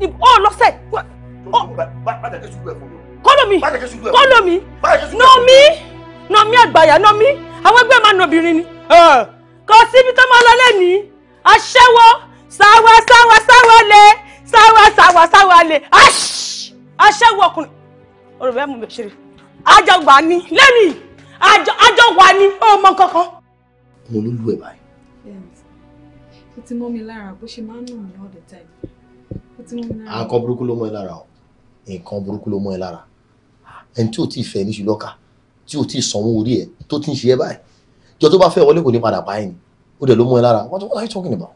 [SPEAKER 1] níbo ó lọ́sẹ̀. kọ́nà mi kọ́nà mi nà mí nà mí àgbàyà nà mí àwọn ẹgbẹ́ máa nà obìnrin ni kò síbi tó máa lọ lẹ́nìí aṣẹ́wó sáwá sáwá sáwá lé sáwá sáwá sáwá lé aṣẹ́wó ọkùnrin ọ̀rọ̀ bẹ́ẹ̀ mo bẹ̀ ṣeré àjọgbà ni lẹ́mìí àjọwà ni ó mọ kankan. mo ló lù ẹ báyìí. ó ti mọ́ mi lára bó ṣe máa ń nà all the time. ó ti
[SPEAKER 3] mọ́ mi lára. nǹkan
[SPEAKER 6] burúkú ló mọ ẹ lára o nǹkan burúkú ló mọ ẹ lára ẹni tí ò tí ì fẹ́ níṣu lọ́ka tí ò tí ì sanwó orí ẹ tó ti ń ṣe ẹ báyìí jọ tó bá fẹ́ wọlé kò ní padà báyìí ó dẹ̀ ló mọ ẹ lára what are you talking about.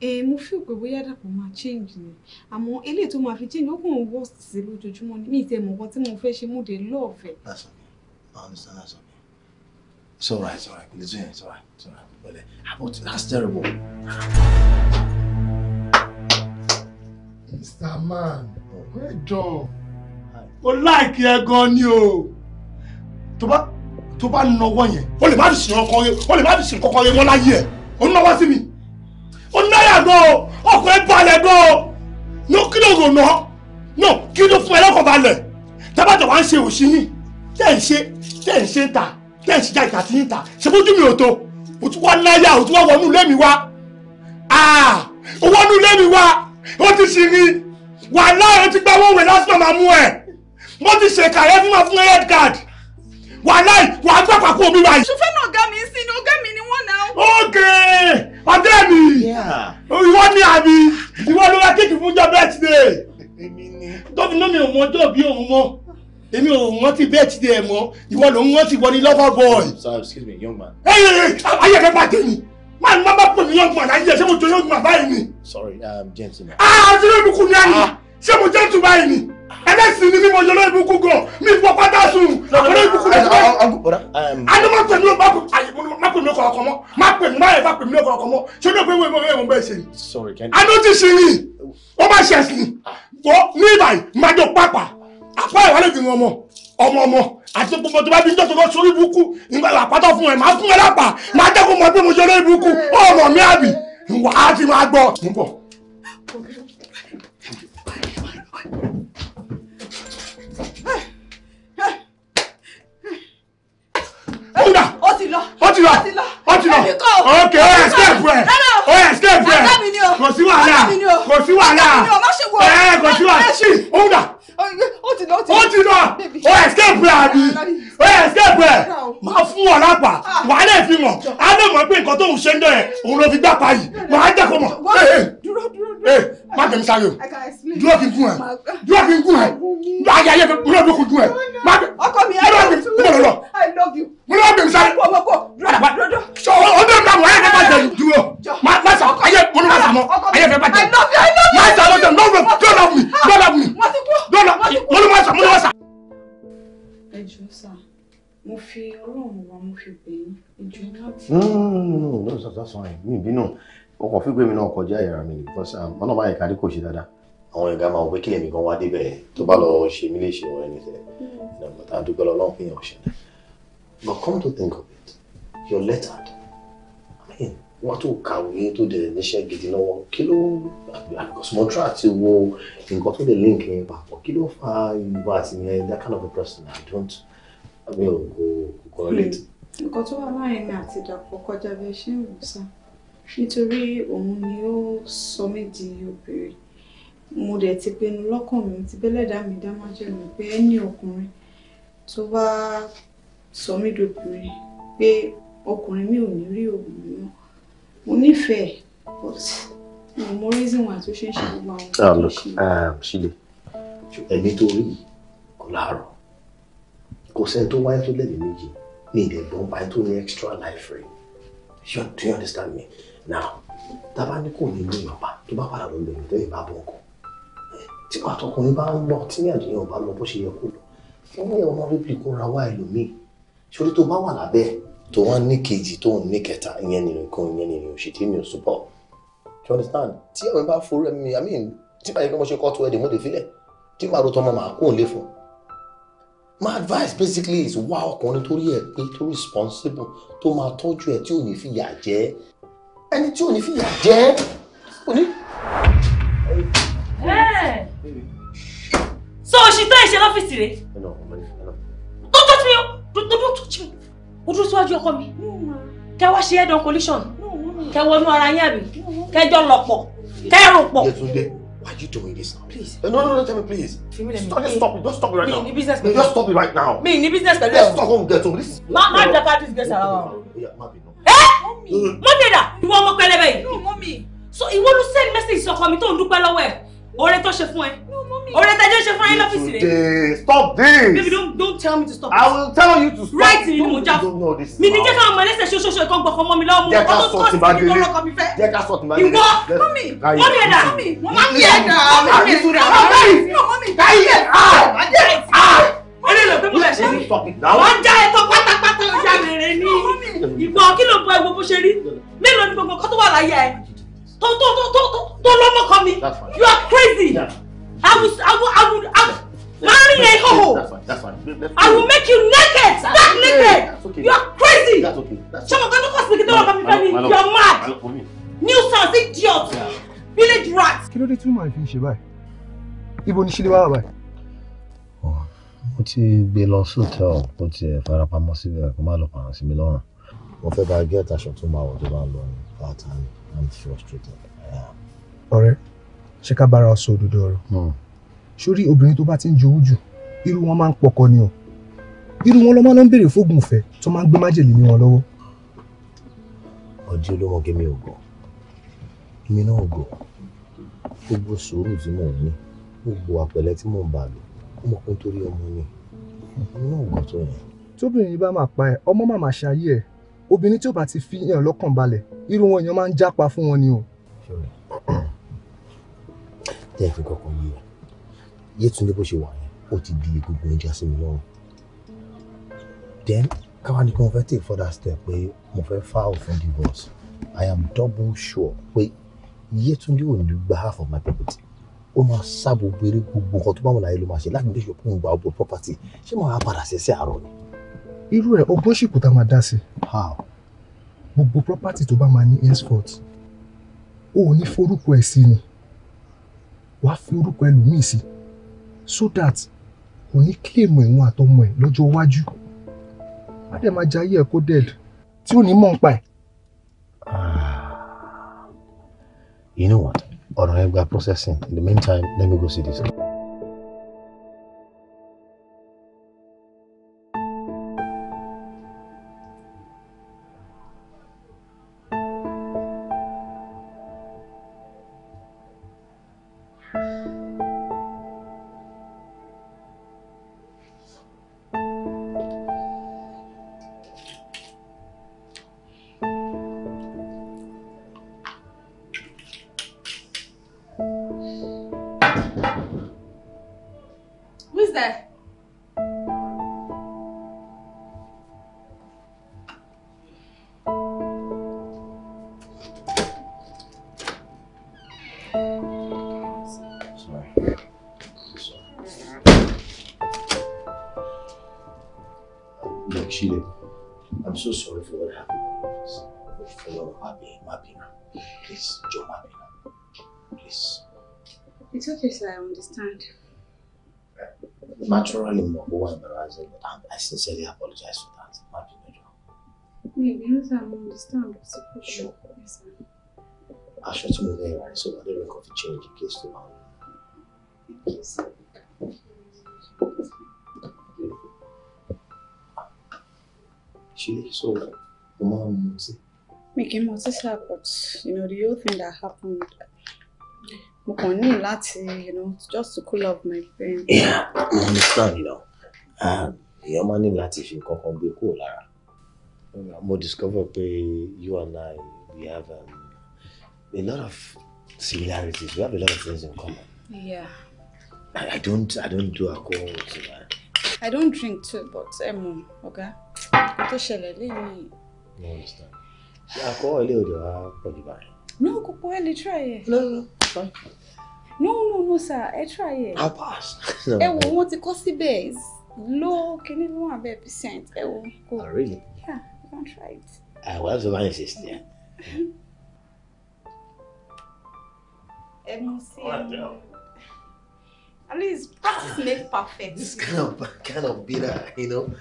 [SPEAKER 1] Eh, mo fi òpè bóyá dàpọ̀ máa change ni àmọ́ eléyìí tó máa fi change ó kàn ń wọ́ sí lójoojúmọ́ ni mi ì tẹ́ tí mo fẹ́ ṣe mú lọ́ọ̀fẹ́. that's okay
[SPEAKER 6] i understand that's okay it's alright it's alright please it's alright it's but uh, that's terrible.
[SPEAKER 4] mr man mẹjọ
[SPEAKER 2] o láìkí ẹ gan ni o tó bá tó bá nọwọ yẹn o lè má fi sìn ọkọ yẹn o lè má fi sìn kọkọ yẹn wọn láyé ẹ o náwó sí mi ó náírà gan o ọkùnrin balẹ̀ gan o no kí ló rò ná no kí ló fún ẹ lọ́kàn balẹ̀ tábàtọ̀ wá ń ṣe òṣìyìn tẹ̀ ń ṣe tẹ̀ ń ṣe ń ta tẹ̀ ń ṣe jáde àti ń ta ṣèkójú mi ò tó o tún wá náírà o tún wá wọnú ilé mi wá o wọnú ilé mi wá o ti ṣì rí wàhálà ẹ ti gbá owó wẹ̀ lásìkò máa mú ẹ mo ti ṣèkà ẹ fún ma fún red card wàhálà wàá gbàgbà kú omi wáyé. ṣùfẹ́
[SPEAKER 1] náà ọ̀gá mi sí ni ọ̀gá mi ni wọ́n náà. ókè. Okay
[SPEAKER 2] ọ̀dẹ́ mi ìwọ ni àbí ìwọ ló wá kéèkì fún jọ birthday tó fi ná mi ò mọ ọjọ́ bí òun mọ́ èmi ò wọ́n ti birthday ẹ̀ mọ́ ìwọ ló ń wọ́n ti wọ ní lover boy.
[SPEAKER 6] sorry excuse me young man.
[SPEAKER 2] ẹ ẹ ayé kẹfà tèmi máa ní bábá pè mí young man ayé ṣé mo jọ young man báyìí ni.
[SPEAKER 6] sorry um, gentleman.
[SPEAKER 2] ah ọdún ló dúkú ní àná ṣé mo jẹ́ tù báyìí ni ẹlẹ́sìn ni mímọ yọlọ ìbùkún gan mi fọ pátá sùn àkọlẹ́ ìbùkún rẹ fẹ́. adama pè mí o má pè mí ọkọ̀ ọkọ̀ mọ́ má pè mí báyẹn bá pè mí ọkọ̀ ọkọ̀ mọ́ ṣé ní òpin wẹ́wẹ́ wọ́n bẹ́ẹ̀ ṣe ni. adójú sí ni ó má ṣe ẹ̀sìn wọ́ ní ìbàyí má jọ pápá àpá ìwálẹ̀ fi wọn mọ́ ọmọ ọmọ àti gbogbo tó bá bí njọ́sọ̀rọ̀ sórí ìbùkún ìgbà làpátọ́ fún ẹ má fún ẹ lápá má jẹ́ kó mọ̀ pé mo yọlọ ìbùkún ọmọ mi àbí wàá fi máa gbọ́.
[SPEAKER 1] ok
[SPEAKER 3] ó yà escape ẹ ó yà escape ẹ kò sí wàhálà kò sí wàhálà
[SPEAKER 2] ẹ kò sí wàhálà ó dà
[SPEAKER 1] ó ti lọ ó ti lọ ó escape rẹ àbí ó escape rẹ
[SPEAKER 2] máa fún wọn lápá ah. wàá lè fi mọ̀ á lè mọ̀ pé nǹkan tó ń ṣe ń dọ̀ yẹn òun ló fi gbà pa yìí wàá jẹ́ kó mọ̀ dúró dúró dúró má tẹ̀mí sáré o dúró kí n gún ẹ dúró kí n gún ẹ ayé ayé mi ló dúkú gún ẹ má tẹ ọkọ mi I love you mo lọ mo lọ tẹ̀mí sáré sọ ọ bẹ nbà wọ́n ayé fẹ́ bàjẹ́ dúró má sọ ayé mo ló má sàmọ́ ayé fẹ́ bàjẹ́ má sàmọ́ tẹ̀ no no
[SPEAKER 1] love me don't love me don't love me mo ló máa sà mo ló máa sà. ẹ jọ sà mo fi ọlọ́run wa mo fi bẹ̀ yín ìjọ náà ti. no no
[SPEAKER 6] no no no no that's fine mi ìbínú mo kàn fi gbé mi náà kọjá ìyàrá mi because mọ́nà um, máa yẹ kárí kò ṣe dáadáa àwọn ẹ̀gá máa wọ pé kí èmi gan wá débẹ̀ tó bá lọ ṣe mí léṣe wọn ẹni tẹ nàbọ̀tà hmm. dúpẹ́ lọ́lọ́run fi hàn ṣẹlẹ̀ but come to think of it you're lettered I mean wọ́n tó kàwé tó dẹ̀ níṣẹ́ gidi lọ́wọ́ kí ló because mo àti wo nǹkan tó lè link yẹn papọ̀ kí ló fa ìwà àti yẹn that kind of a person I don't mi ò kò kò relate.
[SPEAKER 1] Hmm. nǹkan tó wà láàrin mi àti Dàpọ̀ kọjá bí ṣe ń wò sá nítorí òun ni ó sọ mí di obìnrin mo dẹ̀ ti pinnu lọ́kàn mi ti bẹ́lẹ̀dá mi dá máa jẹ́ mi pé ẹni ọkùnrin tó bá sọ mí di obìnrin pé ọkùnrin mi ò ní rí obìnrin mọ́ mo but mo mọ reason why tó ṣe ń ṣe gbogbo
[SPEAKER 6] àwọn ọmọ ah, tó ṣe. Ah, ṣílẹ̀ ẹni tó rí kò láàárọ̀ kò sẹ́ni tó wáyé tó lẹ́bi méjì ní ilẹ̀ gbọ́n báyìí tó ní extra life rẹ̀ do you understand me now tábà ní kò ní lóyún ọba tó bá padà lọ lóyún lẹ́yìn bá bọ̀ ọkọ̀ tí pàtó ọkùnrin bá ń lọ tí ní àdéhùn ọba lọ bó ṣe yẹ kó lọ fún ẹ̀wọ̀n rí bí kó ra wá ẹlòmíì ṣorí tó bá wà lábẹ́ ẹ̀ tó wá ní kejì tó ń ní kẹta ìyẹn nìyẹn kan ìyẹn nìyẹn òṣèlú mi ò súpọ̀ do you understand tí àwọn bá forú ẹ̀ i mean tí báyìí kí wọ́n ṣe kọ́ tó ẹ̀dẹ̀ mọ́lẹ̀ fílẹ̀ tí màá ro tọmọ màá kó lè fún my advice basically is wá ọkùnrin tó rí ẹ pé tó responsible tó máa tọ́jú ẹ tí ò ní fìyà jẹ
[SPEAKER 2] ẹni
[SPEAKER 7] tí ò ní fìyà
[SPEAKER 6] jẹ ò ní.
[SPEAKER 1] so òṣìṣẹ́ ìṣe lọ́fíìsì rẹ̀. tó tó tí mi ó tó tó tí mi ó o dúró síwájú ọkọ mi kẹ wá ṣe head on collision
[SPEAKER 3] kẹ wọnú ara yín
[SPEAKER 1] àbí kẹ jọ lọ pọ̀ kẹ rò pọ̀. Yetunde why
[SPEAKER 6] are you doing this now. please no no no tell me please. fimile mi just stop it just stop it right now. mi ni business pẹ̀lú just stop it right now. mi ni business pẹ̀lú ẹ. let's talk home get home this. ma ma jẹ ká dis gẹ̀ẹ́sì ara
[SPEAKER 1] wa.
[SPEAKER 6] ẹ eh? eh? mm.
[SPEAKER 1] mọ́mí ẹ̀dá ìwọ ọmọ pẹlẹbẹ yìí. no mọ́mí. so ìwọ ló send message sọkọ mi tó ń dúpẹ́ lọ́wọ́ ẹ̀. Ọ̀rẹ́ tó ṣe fún ẹ. Ọ̀rẹ́ tá a jẹ́ ṣe fún ẹ lọ́fíìsì rẹ̀. Today
[SPEAKER 2] stop this. Baby
[SPEAKER 1] don't don't tell me to stop. I will tell you to stop. Right ni mo já fún. Mi ní jẹ́ káwọn ọmọ ẹlẹ́sẹ̀ ṣoṣoṣo Mommy, gbọ̀kan mọ́ mi lọ́wọ́ mu. Jẹ́ ká sọ ti bá délé. Jẹ́ ká sọ
[SPEAKER 2] ti Mommy, délé. Mommy, mọ́mì mọ́mì ẹ̀dá.
[SPEAKER 1] Mọ́mì
[SPEAKER 2] ẹ̀dá. Mọ́mì
[SPEAKER 1] ẹ̀dá. Mọ́mì ẹ̀dá. Mọ́mì ẹ̀dá.
[SPEAKER 2] Eré lò pé mo lè ṣe mí.
[SPEAKER 1] Wọ́n já ẹ̀tọ́ pátápátá ìyá rẹ̀ ní. Ìgbọ́ kí ló ń bọ ẹ̀wọ̀ bó ṣe rí? Mélòó ni gbogbo kọ́ tó wà láyé ẹ̀? tó tó tó tó tó tó lọ́mọ kan mi you are crazy i will i will i will i will marry a hoho i will make you naked stark naked you are crazy ṣọmọ okay. ló kọ sí kíkẹ́ ọkọ mi fẹ́ mi you are mad nuisance idiot village rat.
[SPEAKER 7] kí ló dé tí mo máa fi ṣe báyìí
[SPEAKER 2] ibo ni ṣílẹ̀ wá báyìí
[SPEAKER 6] mo ti gbé lọ sóòtẹ́ọ̀ kó tiẹ̀ farapamọ́ síbẹ̀ kó má lọ pààrọ̀ sí mi lọ́rùn. mo fẹ́ bá gẹ́ẹ̀tì aṣọ tó máa wọ̀ tó bá ń lọ ní pátá ni. I'm frustrated.
[SPEAKER 7] Ọ̀rẹ́, ṣé ká bára sọ òdodo ọ̀rọ̀? Hmm. Sórí obìnrin tó bá ti ń jowú jù, irú wọn máa ń pọkọ ni o. Irú wọn lọ́mọ ló ń béèrè fóògùn ìfẹ́ tó máa ń gbé májèlé ní wọn lọ́wọ́.
[SPEAKER 6] Ọdí olówó gẹ́mi ò gọ̀, mi náà gọ̀. Gbogbo sùúrù tí mò ń ní, gbogbo àpẹ̀lẹ́ tí mò ń bà lò, ọmọ kan torí ọmọ ni. Mi náà gọ̀ tó
[SPEAKER 7] yẹn. Tóbìnrin bá máa pa ẹ, ọmọ máa máa ṣe ayé ẹ̀ obìnrin tí ó bá ti fi yàn lọ́kàn balẹ̀
[SPEAKER 2] irú wọn èèyàn máa ń jápa fún wọn ni o.
[SPEAKER 6] jẹ́ ìfi kankan yé o Yétúndé bó ṣe wà yẹn ó ti di egungun ẹja sí mi lọ́rùn then káwa ni kí wọ́n fẹ́ take further step pé mo fẹ́ file for divorce I am double sure pé Yétúndé ò ní gba half of my property ó máa sá gbogbo eré gbogbo nǹkan tó bá wọn láyé ló máa ṣe láti gbé ṣòkun gba ọgbọ property ṣé màá padà ṣẹṣẹ àárọ̀ ni
[SPEAKER 7] irú ẹ̀ ọgbọ́n ṣìkò tá a máa dá sí. gbogbo property tó bá máa ní henceforth o ò ní forúkọ ẹ̀ sí ni wàá fi orúkọ
[SPEAKER 2] ẹlòmíì sí so that kò ní kílèmù ẹ̀wọ̀n àtọmọ ẹ̀ lọ́jọ́ iwájú má dẹ̀ máa jayé ẹ̀ kó dead tí ò ní mọ̀ nípa ẹ̀. Ah.
[SPEAKER 6] You know what? Ọ̀rọ̀ ẹ̀ gba processing. In the meantime, let me go see this.
[SPEAKER 1] okay, sir. I understand.
[SPEAKER 6] Naturally, Mobo embarrassing, but I sincerely apologize for that. Happy Major.
[SPEAKER 3] Maybe you know, I understand. Sure. Yes, sir.
[SPEAKER 6] I should move there, right? So I don't make the change in case to one. Thank you, sir. She so mom.
[SPEAKER 1] Making multi but you know the whole thing that happened mo kàn ní láti you know just to cool off my brain. yeah i
[SPEAKER 6] understand you know èèyàn máa ní láti fi nǹkan kan gbé kúrò lára mo discover pé you and i we have um, a lot of similarities we have a lot of things in common. yeah. I, I don't I don't do alcohol too man.
[SPEAKER 1] I don't drink too but ẹmu okay? kò tó ṣẹlẹ̀ lẹ́yìn.
[SPEAKER 6] I understand. Alcohol ilé òde do pọ̀ jù báyìí.
[SPEAKER 1] No, kò pọ̀ ẹ try ẹ̀. No, no try. no no no sir I try it. i pass. ẹ wo wọn ti kọ síbẹ̀ low kìíní one abẹ́ percent ẹ wo. ah really. yeah you can try it.
[SPEAKER 6] ah well so nice is there.
[SPEAKER 1] ẹ At least pass make perfect. This kind
[SPEAKER 6] of kind of bitter, you know.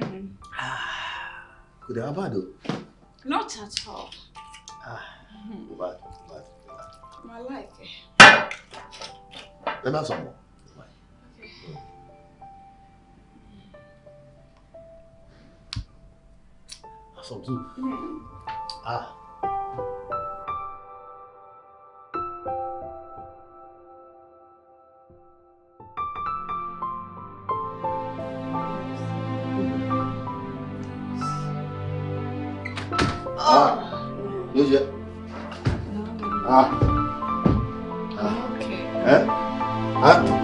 [SPEAKER 1] Mm-hmm. Ah,
[SPEAKER 6] could have had though.
[SPEAKER 1] Not at all. Ah. Go back. Go back. Go back. My life.
[SPEAKER 6] Let me have some more. Some too. Mm. Ah.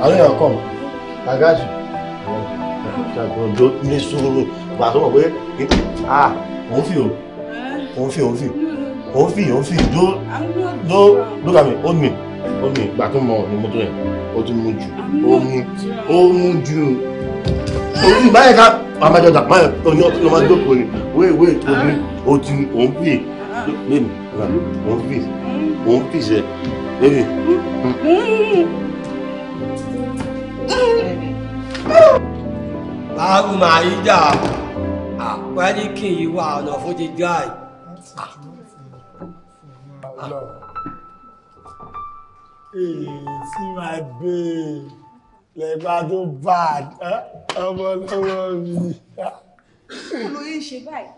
[SPEAKER 6] I know you're come. I got you. Ṣàgbọ̀njọ́ ní sùúrù. Bàbá tó mọ̀ pé ah òun
[SPEAKER 2] fì o. Òun fì òun fì. Òun fì òun fì. Dó dó look at me
[SPEAKER 6] hold me hold me. Gbà tó mọ̀ ní mọ́tò yẹn. Ó tún mú jù. Ó mú ó mú jù. Òun báyìí ká màmá jọjà máa ní ọtún lọ́mọ dókòó ni. Wéè wéè tó ní o ti òun fì. Bébì òun fì òun fì sẹ́. Bébì
[SPEAKER 2] báwo máa yí dà
[SPEAKER 1] àpẹẹrẹ kì í wà ọ̀nà
[SPEAKER 4] fún ti dá ẹ̀. èyí tí máa gbé lẹ́gbàá tó bá ọmọ lọ́wọ́ mi.
[SPEAKER 1] olóyè ṣe báyìí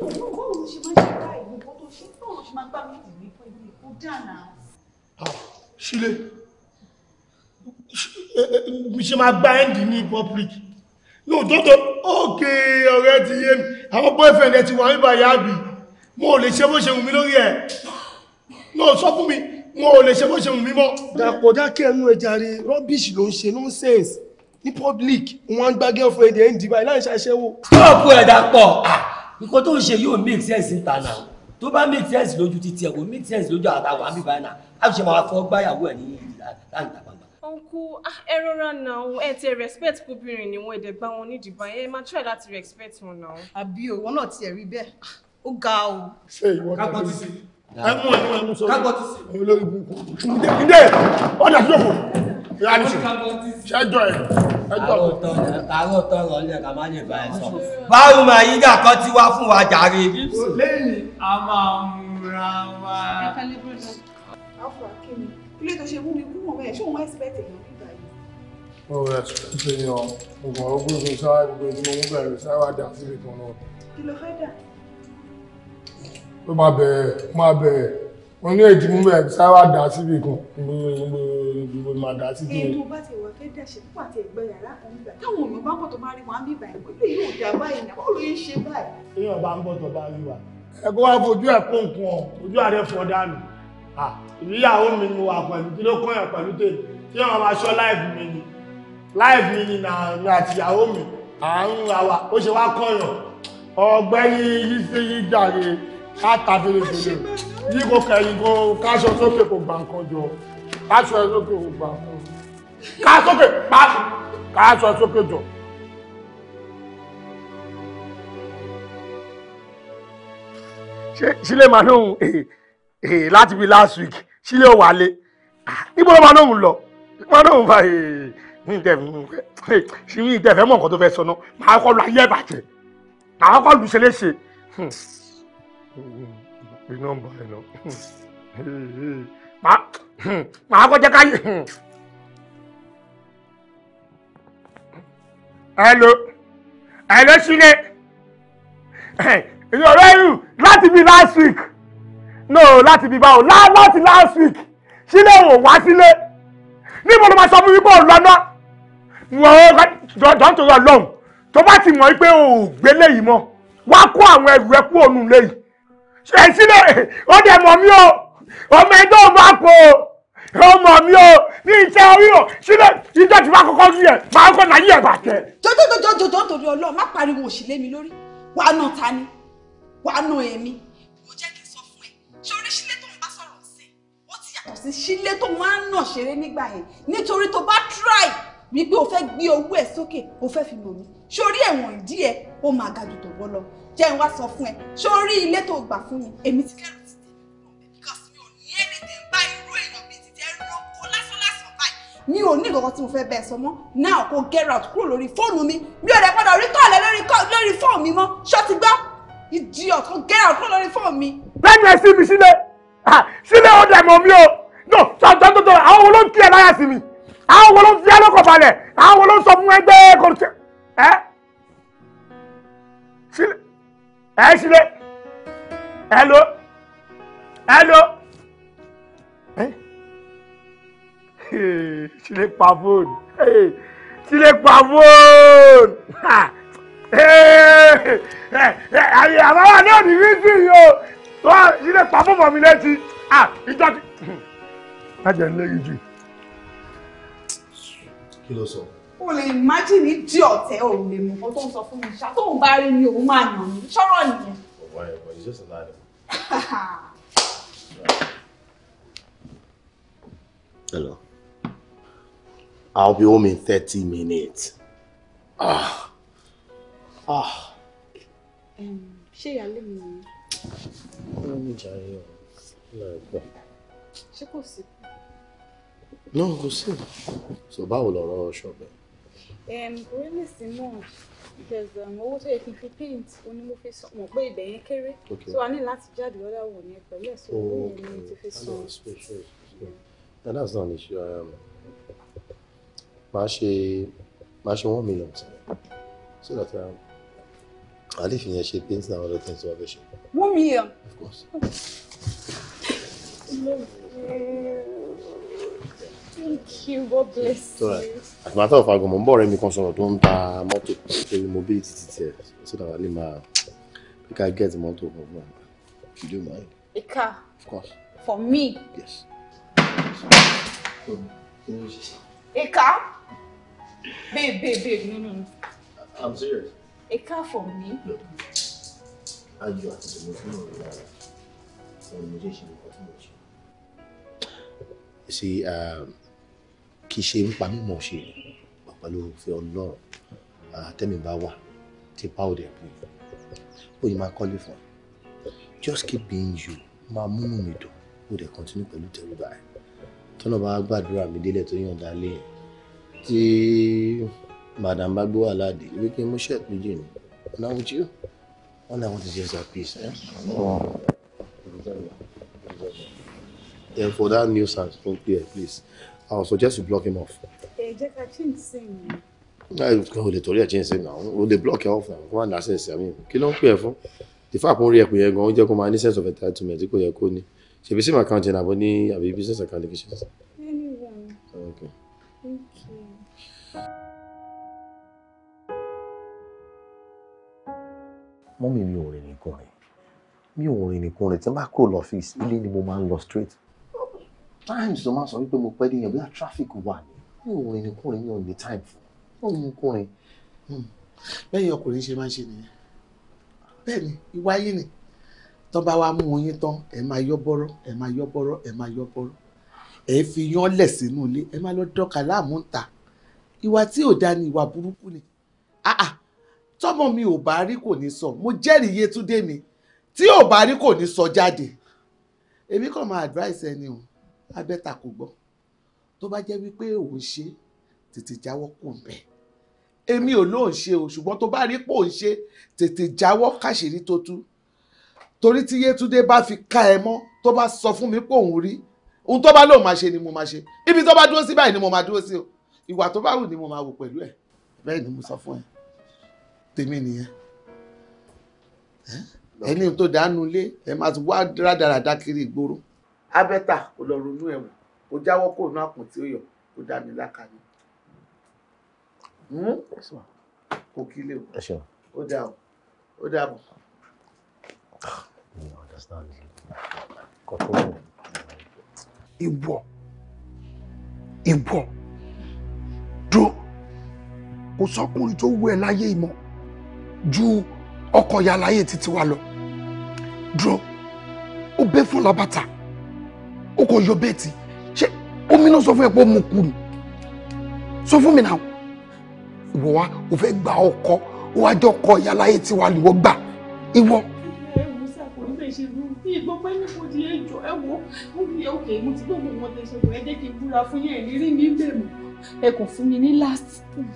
[SPEAKER 1] báwo ṣe máa ṣe báyìí gbogbo tó ṣe báwo ṣe máa gbà mí ìwé pẹ̀lú ìkó
[SPEAKER 3] dáná.
[SPEAKER 2] sílé ṣe máa gbá ẹ́ndì ní public no tótó ókè ọ̀rẹ́ ti yé mi àwọn boyfriend ẹ ti wà ní báyà bì mo ò lè ṣe bó ṣe wù mí lórí ẹ̀ no sọ fún mi mo ò lè ṣe bó ṣe wù mí mọ́. dàpọ̀ dákẹ́ ẹnu ẹ̀ jàre rubbish ló ń ṣe nonsense ní public wọn gba girlfriend ẹ̀ ń dìbà láì ṣàṣẹ́wó. stop ẹ̀ dàpọ̀ ah, nǹkan tó ń ṣe yóò make sense níta náà tó bá make sense lójú títí ẹ̀ kò make sense lójú àtàwọn àbíbáyà náà á fi ṣe máa fọ́ gbáyàwó ẹ̀ ní
[SPEAKER 1] uncle ah ẹ rọra náà òun ẹ ti respect kóbìnrin ni wọn ẹ dẹ gbá wọn nídìí báyẹn ẹ máa try láti respect wọn náà. àbí òun náà tiẹ̀ rí bẹ́ẹ̀ ó ga o.
[SPEAKER 2] ṣé ìwọ náà ló ti ẹ mú ẹ mú ẹ mú sọ kágbọ́ ti sí. ẹ lórí ibùkún ǹdẹ ǹdẹ ọ̀dà tí yóò fò ìyá ni sè ṣẹjọ ẹ ẹjọ lọ. àárọ̀ tọrọ ọlẹ́ ká má lè bá ẹ sọ. báwo máa yí dà
[SPEAKER 7] kan ti wá fún wa
[SPEAKER 2] jàre.
[SPEAKER 6] lẹ́yìn
[SPEAKER 1] a máa múra wa ilé tó ṣe mú mi kúrò mẹ́ẹ̀ ṣé òun expect èèyàn nígbà yìí.
[SPEAKER 4] Oh, mo rẹ̀ ṣe yan ọgbọ̀n ogún mi sáwá gbogbo ẹni mo mú bẹ̀rẹ̀ sáwá dà sí ibìkan náà. kí ló fẹ́ dà? ó máa bẹ̀rẹ̀ máa bẹ̀rẹ̀ mo ní èdè mú bẹ̀rẹ̀ sáwá dà sí ibìkan gbogbo máa dà sí ibìkan. ètò
[SPEAKER 1] bá ti wà fẹ́ dà ṣe púpọ̀ àti ẹ̀gbẹ́ yàrá kan nígbà táwọn èèyàn bá ń bọ̀ tó bá rí wọn á bí ìbàyẹn pé lè yóò dà báyìí náà báwo ló ń ṣe báyìí.
[SPEAKER 2] èèyàn bá ń bọ̀ tó bá rí wa. ẹ̀kọ́ wa fojú ẹ̀kọ́ nǹkan ojú àrẹ fọ́ dànù ìyàwó mi ni wà pẹ̀lú kí ló kún ẹ̀ pẹ̀lú tè tí wọ́n máa ṣọ́ láìfù mi ni láìfù mi ni àmì àti ìyàwó mi àrùn àwà ó ṣe wá kọ̀yàn ọ̀gbẹ́ni yìí sí yìí jàre káta fèrèfèrè yìí kò kẹ̀yìn kó káṣọ sókè kò gbà nǹkan jọ káṣọ sókè kò gbà nǹkan káṣọ sókè káṣọ sókè jọ. ṣe ṣílẹ̀ màá lóhùn eh, èyí. Eh, láti bí last week sílé òwà lé ah, níbo ló máa lóhùn lọ máa lóhùn bá ṣìwí eh, ìdẹ̀fẹ́ eh, mọ̀ nǹkan tó fẹ́ sọ náà máa kọ́ lu ayé ìbàjẹ́ máa kọ́ lu ṣeléṣe. pé hmm. nọ́mbà ẹ lọ máa hmm. hmm. kọ́ jẹ́ ká yé. hello sílé ìyọ̀rọ̀ ẹ̀rù láti bí last week no láti bíbá o láti last week sílẹ̀ ò wá sílé níbo ló máa sọ fún mi pé ò lọ́nà wọ́n jọ̀ọ́ nítorí ọlọ́run tó bá ti mọ̀ pé ò gbé léyìí mọ́ wá kó àwọn ẹrù ẹ kúrò nù léyìí ṣe sílẹ̀ ó dẹ̀ mọ̀ mí o ọmọ ẹjọ́ ò máa kó o ọmọ mi o ní iṣẹ́ orí o sílẹ̀ ìjọ tí wàá kọ́kọ́ rí ẹ̀ máa kọ́ náà yí ẹ̀ bàjẹ́.
[SPEAKER 1] jọjọjọjọjọ torí ọlọ́run má pariwo òṣìlẹ mi lórí wàá nà ta ni wàá nà èmi sí sílé tó wọ́n á nà ṣeré nígbà yẹn nítorí tó bá try wípé o fẹ́ gbé owó ẹ̀ sókè o fẹ́ fi lò mí sórí ẹ̀wọ̀n ìdí ẹ̀ ó máa ga jù tó wọ́ lọ jẹ́ n wá sọ fún ẹ sórí ilé tó gbà fún mi èmi ti kẹ́rù ti tẹ̀lé fún mi because mi ò ní anything bá irú èèyàn bíi ti tẹ́ rọ́pò lásánlásán báyìí mi ò ní nǹkan tí mo fẹ́ bẹ́ẹ̀ sọ mọ́ now kò get out kúrò lórí fóònù mi mi ò rẹ̀ padà rí tọ́ọ̀lẹ́ lórí fóònù mi mọ́ ṣọ́ọ́ ti gbọ́ idiot kò get out kúrò lórí fóònù mi. bẹ́ẹ̀ ni ẹ sí mi sílẹ̀ ah, sílẹ̀
[SPEAKER 2] ó dẹ̀ mi o no tọ́tọ́tọ́tọ́ àwọn wo ló ń tiẹ̀ láyà sí mi àwọn wo ló ń fi alọ́kọ̀ balẹ̀ àwọn wo ló ń sọ fún ẹgbẹ́ kọ̀ọ̀tẹ́ ẹ́ sílẹ̀ ẹ́ sílẹ̀ ẹ lo ẹ lo ẹ́ sílẹ̀ pa fóònù sílẹ̀ pa fóònù àwọn náà ní rí sí yìí o sílẹ̀ pa fóònù mi létí ìjọ
[SPEAKER 1] ti
[SPEAKER 4] májẹ̀ ń lérí jù. kí ló sọ.
[SPEAKER 1] o lè imagine ní di ọ̀tẹ̀ o lè mú nǹkan tó ń sọ fún mi ṣá tóun bá rí ni òun máa nà mí sọ̀rọ̀ nìyẹn.
[SPEAKER 6] ọ̀wá ẹ̀ wọ̀ yìí ṣe sọ̀rọ̀ Hello. I'll be home in thirty minutes. Ah. Ah.
[SPEAKER 1] Ṣé ìyálé mi ni?
[SPEAKER 6] Ó ní ìjà yẹn o. Ṣé kò sí? náà kò sí so báwo lọ̀rọ̀ ṣọ̀bẹ.
[SPEAKER 1] kò rí nìsín náà because um, owó tó yẹ kí n fi paint ó ní mo fi san mọ̀ pé ibẹ̀ yẹn kéré so a ní láti jáde lọ́dọ̀ wọ̀ yẹn pẹ̀lú ẹ̀sùn owó yẹn ni ti fi san.
[SPEAKER 6] and that's not an issue um, máa ṣe máa ṣe one million so that um, àlè fi yẹn ṣe paint and other things to wà fẹ́ ṣe.
[SPEAKER 1] one million. of course.
[SPEAKER 3] Thank you. God bless you. As a
[SPEAKER 6] matter of fact, mo ń bọ̀ rẹ̀ mi kan sọ̀rọ̀ tó ń ta mọ́tò ṣe ni mo bí títí tiẹ̀ so that I lè máa we can get mọ́tò for me. You do mind? A car? Of course.
[SPEAKER 1] For me? Yes. A car? Babe, babe, babe, no, no, no. I'm serious. A car for me?
[SPEAKER 6] And you are the most You see, um, kì í ṣe nípa mímọ̀ ṣe pẹ̀lú òfin Ọlọ́run tẹmí bá wà tí pa òde ẹbùn yìí bóyá máa kọ́lé fún ọ just keep being you máa múnú mi dùn ó dẹ̀ continue pẹ̀lú tẹ̀wúgbà ẹ̀ tọ́nà bá gbàdúrà mi délẹ̀ tó yànda lẹ́yìn tí madam bá gbé wàhálà dé wí pé mo ṣẹ́ẹ̀t méjì ni ọ̀nà àwọn jù wọn làwọn ti ṣe ẹ̀sà peace ẹ̀ therefore that new sound don clear please. I would suggest you block him off.
[SPEAKER 1] ẹ jẹ́ ká change sí
[SPEAKER 3] mi.
[SPEAKER 6] láì kí o lè change sí now. àwọn o lè block ẹ off náà kó má nà sí ẹ̀sìn àmì kí ló ń pè ẹ fún the fact pọ́n rí ẹ pé ẹ gan ó jẹ́ kó máa ní sense of entitlement tí kò yẹ kó ní ṣèbí sim account yẹn àbọ̀ ní àbí business account kì í Okay.
[SPEAKER 3] Thank you.
[SPEAKER 6] mọ́mí mi ò rìn nìkan rìn mi ò rìn nìkan rìn tí n bá kúrò lọ́fíìsì ilé ni mo máa ń lọ straight times ló máa sọ wípé mo pẹ́ déyàn bóyá traffic wà ní òun ẹni kúrin ní òní time fún òun ní kúrin. Hmm. bẹ́ẹ̀ ọkùnrin ṣe máa ń ṣe nìyẹn
[SPEAKER 5] bẹ́ẹ̀ ni ìwà ayé ni tán bá wá mú oyin tán ẹ máa yọ bọ́rọ́ ẹ máa yọ bọ́rọ́ ẹ máa yọ bọ́rọ́ ẹ fi yan lẹ̀ sínú ilé ẹ máa lọ dọ́ka láàmú ta ìwà tí ò da ni ìwà burúkú ni tọ́mọ mi ò bá rí kò ní sọ mo jẹ́rìí Yétúndé mi tí ò bá rí kò ní sọ jáde èmi kàn máa advice ẹni o abẹ́ta kò gbọ́ tó bá jẹ́ wípé òun ṣe tètè jáwọ́ kò ń bẹ̀ èmi ò lóun ṣe o ṣùgbọ́n tó bá rí pò ń ṣe tètè jáwọ́ káṣírí tó tú torí tí Yétúndé bá fi ká ẹ mọ́ tó bá sọ fún mi pé òun rí ohun tó bá lóun máa ṣe ni mo máa ṣe ibi tó bá dúró sí báyìí ni mo máa dúró sí o ìwà tó bá wù ni mo máa wò pẹ̀lú ẹ̀ bẹ́ẹ̀ ni mo sọ fún ẹ tèmi nìyẹn ẹni tó dánú lé ẹ máa wá rádaràdá kiri ìgboro abẹ́tà kò lọ ronú ẹ̀wọ̀n kò jáwọ́ kó nú àpò tí ó yọ kó dá mi lákàáyé hmm? kò kí lè wọ ó dà ó ó dà bọ̀. Ah,
[SPEAKER 2] ìwọ ìwọ dúró kò sọkùnrin tó wú ẹ láyé ìmọ̀ ju ọkọ ìyá láyé títí wa lọ dúró ó bẹ́ fún labata o kò yọ bẹ́ẹ̀tì ṣé omi náà sọ fún ẹ pé ó mu kú ni sọ fún mi náà ìwọ wa o fẹ́ gba ọkọ o wá jọ kọ ìyá láyé tí wàá lùwọ́ gbà
[SPEAKER 1] ìwọ. ẹ wò sàkó ní bẹ́ẹ̀ ṣe rú bí ìgbọ́pẹ́ ní kò di ẹjọ́ ẹ wò ó ní òkè mo ti gbọ́ gbogbo ọ̀tẹ̀ ṣe wò ẹ jẹ́ kí n búra fún yẹn ìrírí mi bẹ̀ ní last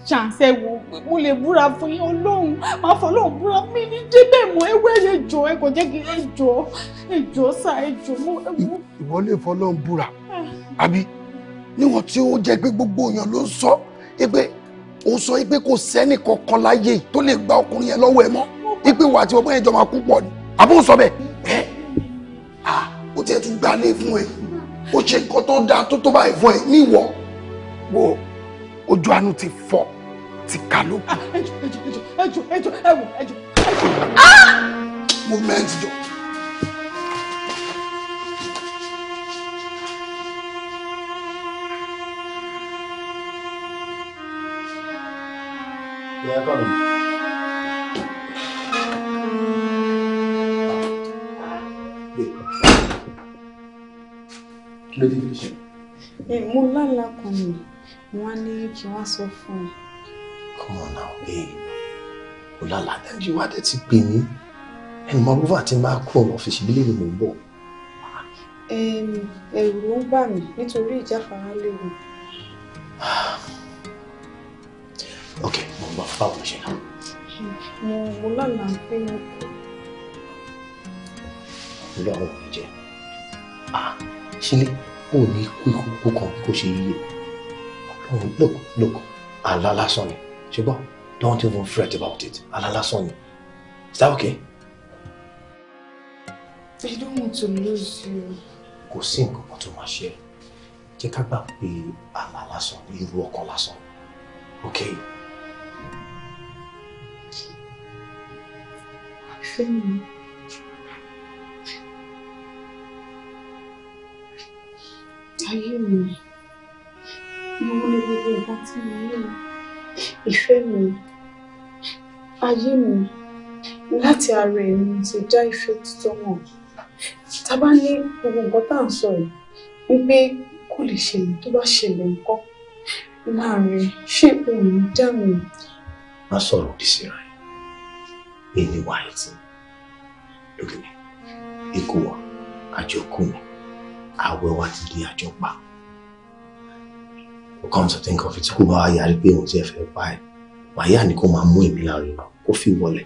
[SPEAKER 1] chance ẹ wò mo lè búra fún yín ọlọ́run máa fọ ọlọ́run búra mi ní débẹ̀ mọ́ ẹ wẹ́rẹ̀ jọ ẹ kò jẹ́ kí ẹ jọ ẹ jọ sá ẹ jọ mọ́ ẹ wò
[SPEAKER 2] ìwọ lè fọlọ́n búra àbí níwọ̀n tí ó jẹ́ pé gbogbo èèyàn ló ń sọ pé ó sọ pé kò sẹ́ni kankan láyé tó lè gba ọkùnrin yẹn lọ́wọ́ ẹ mọ́ ipe wà àti ọmọ yẹn jọ máa kú pọ̀ ni àbó ń sọ bẹ́ẹ̀ ẹ́ à ó tiẹ̀ tún gbà lé fún ẹ ó ṣe nǹkan tó dáa tó tó báyìí fún ẹ níwọ̀ wo ojú àánú ti fọ́ ti kà lókun. Ah, ẹjọ ẹjọ ẹjọ ẹjọ ẹwọ ẹjọ. mo mẹ́ntì jọ.
[SPEAKER 3] yapalım.
[SPEAKER 6] Kí ló dé ibi iṣẹ́?
[SPEAKER 1] Mo lálàá kan ni, wọ́n ní kí wọ́n sọ fún
[SPEAKER 6] Come on now, babe. Mo lálàá dájú wá tẹ́tí pè mí. Ẹnu máa rúbà tí máa kú ọ̀rọ̀ fèsì bí lèmi mò ń bọ̀.
[SPEAKER 1] Ẹ̀rù ló ń bà mí nítorí ìjáfara léwu. Ah
[SPEAKER 6] ok mo ń bọ̀ báwo ló ṣe lọ.
[SPEAKER 1] mo mo lọ́la pé mo kú.
[SPEAKER 6] ìlú àwọn òní jẹ ah kan kó ṣe yíyẹ ọlọ́run look look àlá lásán ni ṣùgbọ́n don't even fret about it àlá lásán ni is that okay.
[SPEAKER 2] I don't want to lose you.
[SPEAKER 6] Kò sí nǹkan kan tó máa ṣe ẹ́. Jẹ́ ká gbà pé àlá lásán, irú ọkàn lásán.
[SPEAKER 1] Okay. fẹ́ nìyẹn. ayé mi mo lè gbogbo nǹkan tí mo ní o ìfẹ́ mi ayé mi láti ara ẹ̀mí ti já ìfẹ́ tuntun mọ̀ tá a bá ní gbogbo nǹkan tá à ń sọ yìí wípé kò lè ṣẹlẹ̀ tó bá ṣẹlẹ̀ nǹkan láàrin ṣé òun dá
[SPEAKER 6] má sọ̀rọ̀ òdì síra ẹ̀ ní wáyé tí lórí mi ikú wa àjọkù mi àwẹ̀ wa ti di àjọpa come to think of it kó bá wa yarí pé òun ti ẹ̀ fẹ́ bá ẹ̀ wàyà ni kó máa mú èmi láàrin náà kó fi wọlé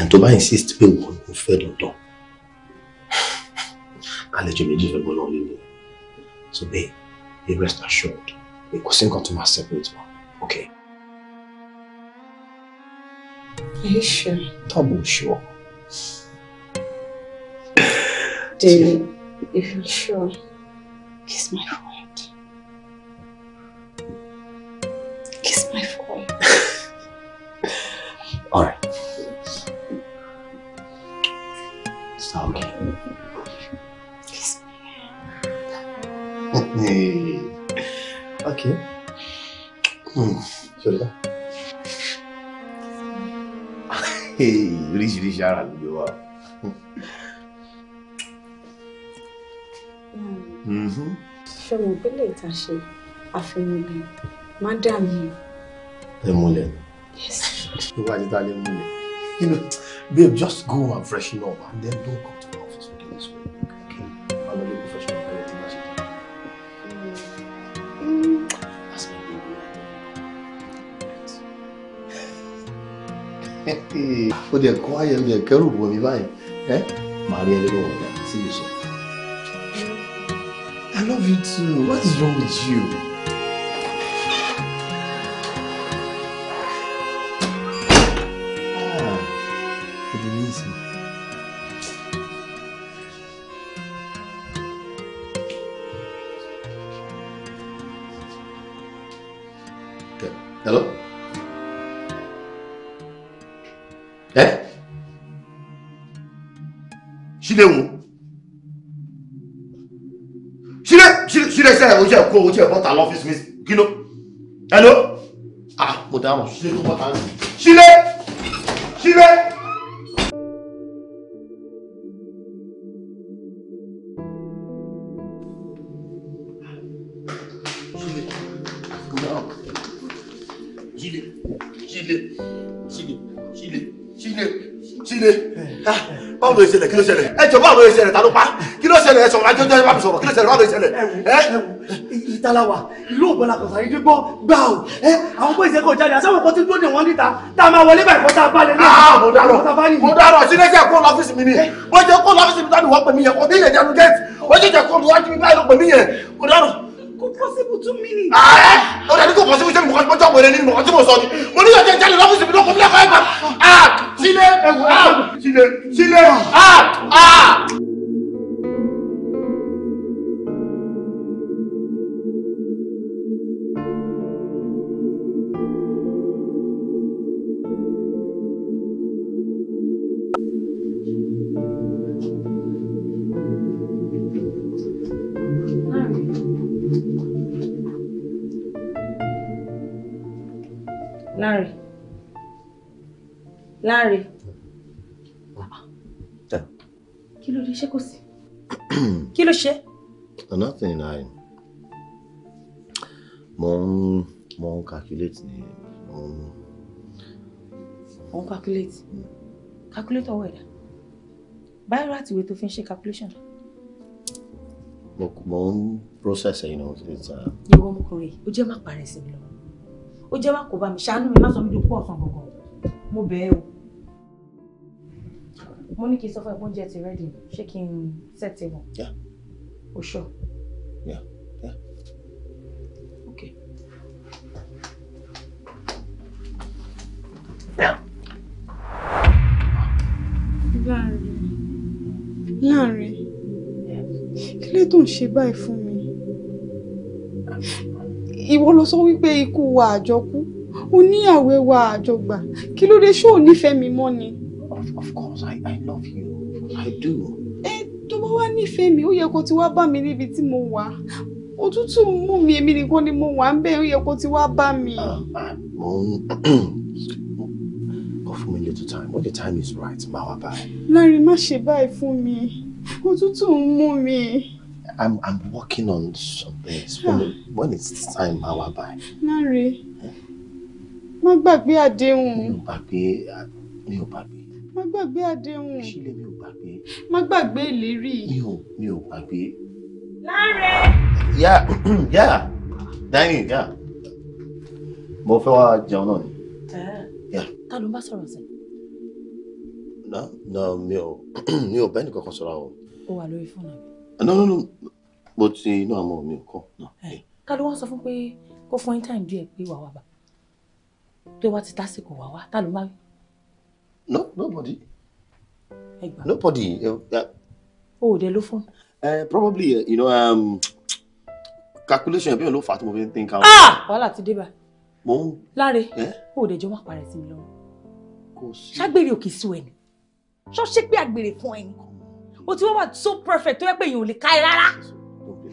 [SPEAKER 6] ẹ̀ tó bá insist pé wọ́n ń fẹ́ dandan àlejò méjì fẹ́ gbọ́ lọ́ọ́ líle so be. be rest assured pé kò sí nǹkan tó máa separate wa okay.
[SPEAKER 1] Are you sure? Double sure. David, if you're sure,
[SPEAKER 3] kiss my forehead. Kiss my forehead. All right. It's not okay. Kiss
[SPEAKER 6] me. Hey. okay. Hmm. Shoulder. Hey, oríṣiríṣi ara ló gbé wa. Mm-hmm.
[SPEAKER 1] ṣé mo gbélé ìta ṣe àfihàn ibi madam yìí.
[SPEAKER 6] ẹ múlẹ̀ ló wá títa lè múlẹ̀ you know babe just go and freshen up and then don't come to my office okay this way okay i'm a little professional for everything i should do. that's my baby. ó dẹ̀ kọ́ ayẹyẹ kẹrù wọ̀ mí báyìí ẹ́ màá rí ẹni lọ́wọ́ ọ̀dà sí ìsọ̀rọ̀ you too. What is wrong with you? Ah, it needs Hello? Eh? She didn't.
[SPEAKER 2] ilé iṣẹ́ ìwé iṣẹ́ kó owó iṣẹ́ bọ́ta lọ́fíìsì mi kí ló hello
[SPEAKER 6] ah mo dáhùn sílé ló bọ́ta sílé
[SPEAKER 2] sílé. sílé sílé sílé ah, báwo ló ṣẹlẹ̀ kí ló ṣẹlẹ̀ ẹ jọ báwo ló ṣẹlẹ̀ ta ló pa ló ṣẹlẹ̀ ẹ̀sọ̀ ajọ́ jẹ́ bá mi sọ̀rọ̀ kí ló ṣẹlẹ̀ bá mi ṣẹlẹ̀. ìlú ògbọ́nà kọ̀ọ̀sà yìí gbọ́ gbà ó àwọn bó ìṣẹ́kọ̀ jáde àṣẹ́wọ̀n kan ti dúró dè níta tá a máa wọlé báyìí kọ́ta balẹ̀ ah, náà. mo dárọ̀ mo dárọ̀ sí lẹ́sẹ̀ kó lọ́fíìsì mi ni bó jẹ́ kó lọ́fíìsì mi tán wọ́n pè mí yẹn kó bí yẹn jẹnu gẹ́ẹ̀tì ó jẹ́ jẹ́ kó lọ́fíìsì mi báyìí ló pè mí yẹn kò possible ah, kò
[SPEAKER 1] Láre. Kí ló dé ṣé kò sí? Kí ló ṣe?
[SPEAKER 6] Nothing I mo ń mo ń calculate ni mo ń.
[SPEAKER 1] Mo ń calculate. Calculator wẹ̀ dá. Báyọ̀ láti ìwé tó fi ń ṣe calculation.
[SPEAKER 6] Mo mo ń process ẹ̀yin náà kí n ta.
[SPEAKER 1] Ìwọ ọmọkùnrin ó jẹ́ má parẹ́ sí mi lọ. Ó jẹ́ má kó bá mi ṣàánú mi má sọ mi di ọ̀sán gangan. Mo bẹ̀ ẹ́ o mo ní kí n sọ fún ẹ oúnjẹ ti rẹ́dì ṣé kí n set table. yeah. o oh, sure. yeah yeah. okay. láàrin láàrin kí ló tó ń ṣe báyìí fún mi ìwọ ló sọ wípé ikú wa àjọkú oníyàwó wa àjọgbà kí ló dé ṣó ò nífẹ̀ẹ́ mi mọ́ ni. wá nífẹ̀ẹ́ mi ó yẹ kó ti wá bá mi níbi tí mo wà òtútù mú mi èmi nìkan ni mo wà ń bẹ́ẹ̀ ó yẹ kó ti wá bá mi. Ah,
[SPEAKER 6] fún mi little time when the time is right máa wá báyìí.
[SPEAKER 1] láàrin má ṣe báyìí fún mi òtútù mú mi.
[SPEAKER 6] I'm I'm working on some when, ah. it, when it's time máa wá báyìí.
[SPEAKER 1] láàrin eh? má gbàgbé àdéhùn. mi ò gbàgbé. má gbàgbé ìlérí.
[SPEAKER 6] mi ò mi ò gbàgbé. Láre. yá yá dining yá mo fẹ́ wá jẹun náà ni.
[SPEAKER 1] ta ló ń bá sọ̀rọ̀ sí.
[SPEAKER 6] na na mi ò mi ò bẹ́ẹ̀ nìkan kan sọ̀rọ̀ o.
[SPEAKER 1] o wà lórí fóònù mi.
[SPEAKER 6] Ah, no no no mo ti inú àmọ́ mi ò kọ́.
[SPEAKER 1] ká ló wá sọ fún pé kó fún yín táìmù díẹ̀ pé wà wá bá tó wá ti tásìkò wà wá tá ló má.
[SPEAKER 6] no nobody nobody. Uh, uh,
[SPEAKER 1] oh, eh, they look phone.
[SPEAKER 6] Uh, probably, uh, you know, um, calculation bí wọn ló fà á tí mo out. ah wàhálà ti dé bá. mo ń.
[SPEAKER 1] Oh, ó dẹjọ́ má parẹ́ sí mi lọ́wọ́. kò sí. ṣàgbèrè òkè sí ẹni ṣọ́ọ́ṣẹ́ pé àgbèrè fún ẹni o ti wá so perfect tó yẹ pé èèyàn ò lè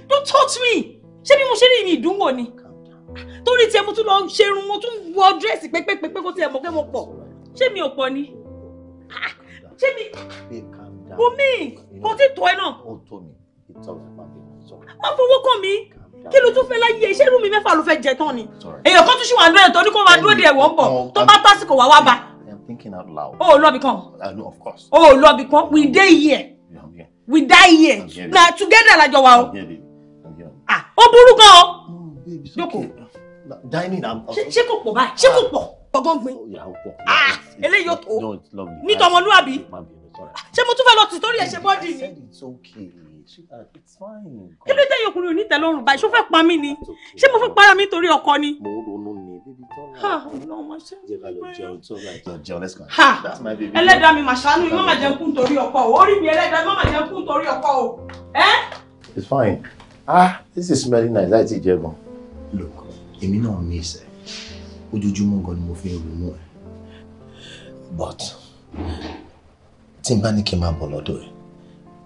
[SPEAKER 1] don't touch me ṣé bí mo ṣe ní ìdúnwò ni torí tiẹ̀ mo tún lọ ṣerun mo tún wọ dírẹ́sì pépépépé kó tiẹ̀ mọ̀ pé mo pọ̀ ṣé mi ò pọ̀ ni. Ah! ṣé mi. babe calm down. bùnmi kò tí tọ́ ẹ náà. ó tó mi it's all about me. má fọwọ́ kàn mí kí ló tún fẹ́ láyé iṣẹ́ irú mi mẹ́fà ló fẹ́ jẹ tán ni. èèyàn kan tún ṣì wà ń lóye tó ní kó máa dúró de ẹ̀wọ̀n bọ̀ tó bá tásìkò wá wá bá. I'm thinking out loud. Oh, lọ bí kan.
[SPEAKER 6] I know, of course.
[SPEAKER 1] Oh, lọ bí kan. We dey here. we die here. Na together la jọ wa o. Ah, ó burú gan o. Jókòó. Dining am. Ṣé kò pọ̀
[SPEAKER 6] báyìí? Ṣé kò pọ̀? fọgọ́ngbin ah, eléyìí yóò tó ní tọmọlúwàbí
[SPEAKER 1] ṣé mo tún fẹ́ lọ tì torí ẹ̀ ṣe bọ́dì ni uh, kí ló dé yòókùnrin òní tẹ́lọ́rùn báyìí ṣó fẹ́ pa mí ni ṣé mo fẹ́ para mi torí ọkọ ni. mo ronú ni
[SPEAKER 6] bíbí tọ́lá ẹlẹ́dàá mi màṣánú mi má má jẹun
[SPEAKER 1] kún torí ọkọ o orí mi ẹlẹ́dàá mi má má jẹun kún torí ọkọ o.
[SPEAKER 6] it's fine ah this is smelling nice láì tí ì jẹ gan. look èmi náà ní ìsẹ̀ ojoojúmọ́ gan ni mo fi ń ronú ẹ̀ but tí n bá ní kí n máa bọ̀ lọ́dọ̀ ẹ̀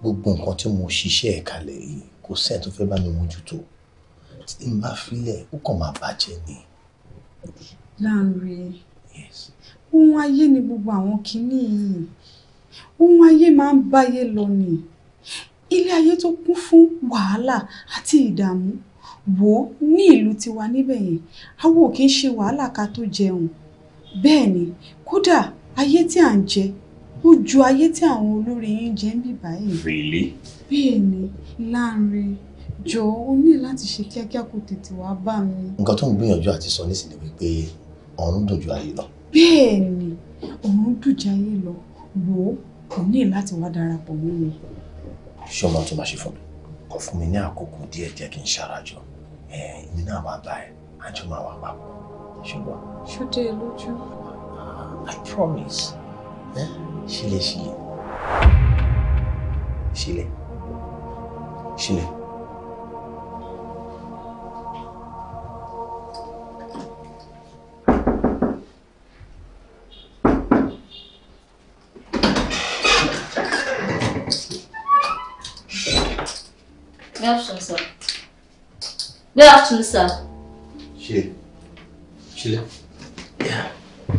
[SPEAKER 6] gbogbo nǹkan tí mo ṣiṣẹ́ ẹ̀ kalẹ̀ yìí kò sẹ́ẹ̀ tó fẹ́ bá mi mójútó tí n bá filẹ̀ ó kàn máa bàjẹ́ ni.
[SPEAKER 1] Lanre ohun ayé ni gbogbo àwọn kinní yìí ohun ayé máa ń báyé lọ ni ilé ayé tó kún fún wàhálà àti ìdààmú wo ní ìlú tiwa níbẹ̀ yẹn awo kì í ṣe wàhálà ká tó jẹun bẹ́ẹ̀ ni kódà ayé tí à ń jẹ ó ju ayé tí àwọn olórí yín jẹ ń bì báyìí. rèlé. bẹ́ẹ̀ ni láàrin jọ ó ní láti ṣe kíákíá kó tètè wá bá mi.
[SPEAKER 6] nǹkan tó ń gbìyànjú àti sọ nísìnyí wípé ọ̀run dùn ju ayé lọ.
[SPEAKER 1] bẹ́ẹ̀ ni ọ̀run dùn ju ayé lọ wò ó kò ní láti wá darapọ̀ mọ́ mi.
[SPEAKER 6] ṣé o máa tún máa ṣe fún mi kò fún mi ní àkókò díẹ̀ díẹ̀ kí n ṣarajọ. Eh, èmi náà máa bá ẹ àjọ máa wà papọ̀ ṣùgbọ́n.
[SPEAKER 1] ṣùdẹ́ lójú.
[SPEAKER 6] Ah, I promise eh, ṣílẹ̀ ṣílẹ̀ ṣílẹ̀ ṣílẹ̀.
[SPEAKER 3] Good afternoon, sir.
[SPEAKER 6] Ṣe. Ṣílẹ̀.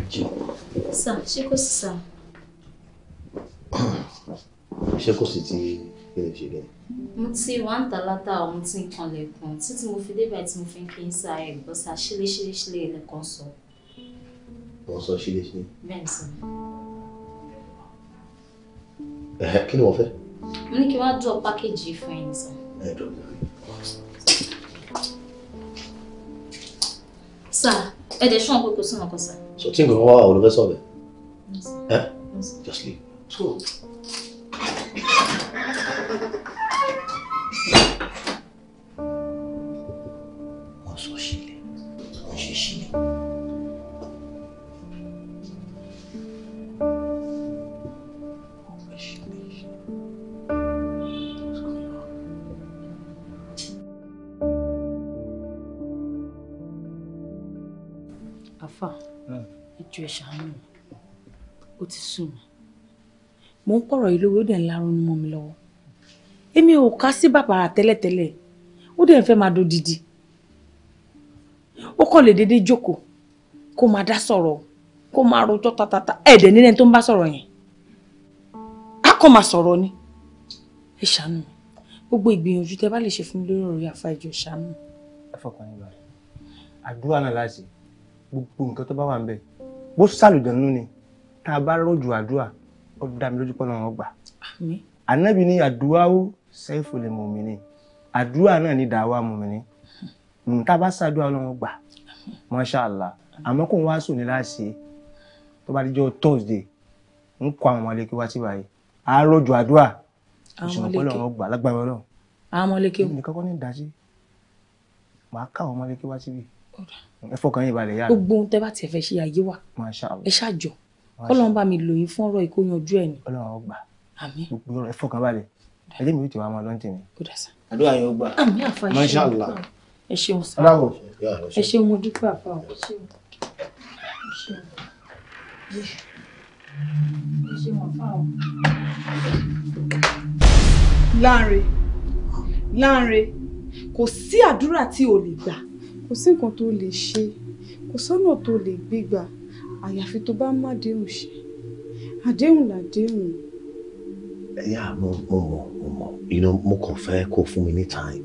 [SPEAKER 6] Sir,
[SPEAKER 3] ṣé kò sí sir?
[SPEAKER 6] Ṣé kò sí ti ilẹ̀ ṣe lẹ́yìn?
[SPEAKER 3] Mo ti wá ń ta látà ọ̀hún tí ń kanlẹ̀ kan títí mo fi débẹ̀ tí mo fi ń kí ń sa ẹ̀ gbọ́ sa ṣílé ṣílé ṣílé ilẹ̀ kan sọ.
[SPEAKER 6] Wọ́n sọ ṣílé ṣílé? Bẹ́ẹ̀ni sir. Ẹ̀hẹ̀ kí ni wọ́n fẹ́?
[SPEAKER 3] Mo ní kí wọ́n á dúró pákéjì fún ẹ̀yin sir. Ẹ dọ̀bí. sà ẹ dẹ̀ ṣọ́n pé kò sí nǹkan sà. so
[SPEAKER 6] tí nǹkan wá wà wọ́n ló fẹ́ just leave.
[SPEAKER 3] So,
[SPEAKER 1] ẹ ṣàánú mi ó ti sùn mí mò ń pọ̀rọ̀ yìí lówó ó dẹ̀ ń larun mọ́ mi lọ́wọ́ èmi ò ká sí bàbàrà tẹ́lẹ̀tẹ́lẹ̀ ó dẹ̀ ń fẹ́ máa dodidi ó kàn lè déédéé jókòó kó máa dá sọ̀rọ̀ kó máa rojọ́ tatata ẹ̀ẹ́dẹ̀ nílẹ̀ tó ń bá sọ̀rọ̀ yẹn á kàn máa sọ̀rọ̀ ni ẹ ṣàánú mi gbogbo ìgbìyànjú tẹ bá lè ṣe fún mi lórí ọ̀rọ̀ àfa ìjọ ṣàánú.
[SPEAKER 7] ẹ fọkàn yín balẹ̀ àdúrà náà láti gbogbo nǹkan tó bá wà ń bẹ̀ bó sàlùjẹ̀nu ni tá a bá rọ̀jò àdúrà ó dá mi lójú pọ́nà wọn gbà. ànábì ní àdúrà ó sẹ́fù lè mọ̀ mí ni àdúrà náà ní dàwa mọ̀ mí ni hmm, tá a bá sàdúrà ọlọ́run gbà Masha Allah àmọ́ kò ń wá sùn ní láṣẹ tó bá dijọ́ Thursday ń kọ àwọn ọmọlẹ́kẹ́ wá sí báyìí a rọ̀jò àdúrà
[SPEAKER 1] ìṣòro pọ́nà wọn
[SPEAKER 7] gbà lágbára ọlọ́run.
[SPEAKER 1] àwọn ọmọlẹ́kẹ́ wọn. nìkan kọ́ ní ìdásí màá ká àwọn ọmọlẹ́kẹ́ wá síbi ẹ
[SPEAKER 7] fọkàn yín balẹ̀ yára. gbogbo
[SPEAKER 1] ohun tẹ́ bá tiẹ̀ fẹ́ ṣe ayé wa ẹ ṣàjọ ọlọ́run bá mi lò yín fún ọ̀rọ̀ yìí kó yanjú ẹ̀ ni. ọlọ́run ó gbà àmín gbogbo ọ̀rọ̀ ẹ fọkàn balẹ̀ ẹ lè mi ò lọ́ntì mi. àdúrà yóò gbà àmín àfàṣe Allah ẹ ṣeun sá ẹ ṣeun mo dúpẹ́ àfa ọ ẹ ṣeun ẹ ṣeun àfa ọ. Láńre Láńre kò sí àdúrà tí o lè gbà kò sí nǹkan tó lè ṣe kò sọ́nà tó lè gbégbà àyàfi tó bá má déhùn ṣe àdéhùn làdéhùn.
[SPEAKER 6] yeah mo mo mo mo mo you know mo kàn fẹ́ kó fún mi ní time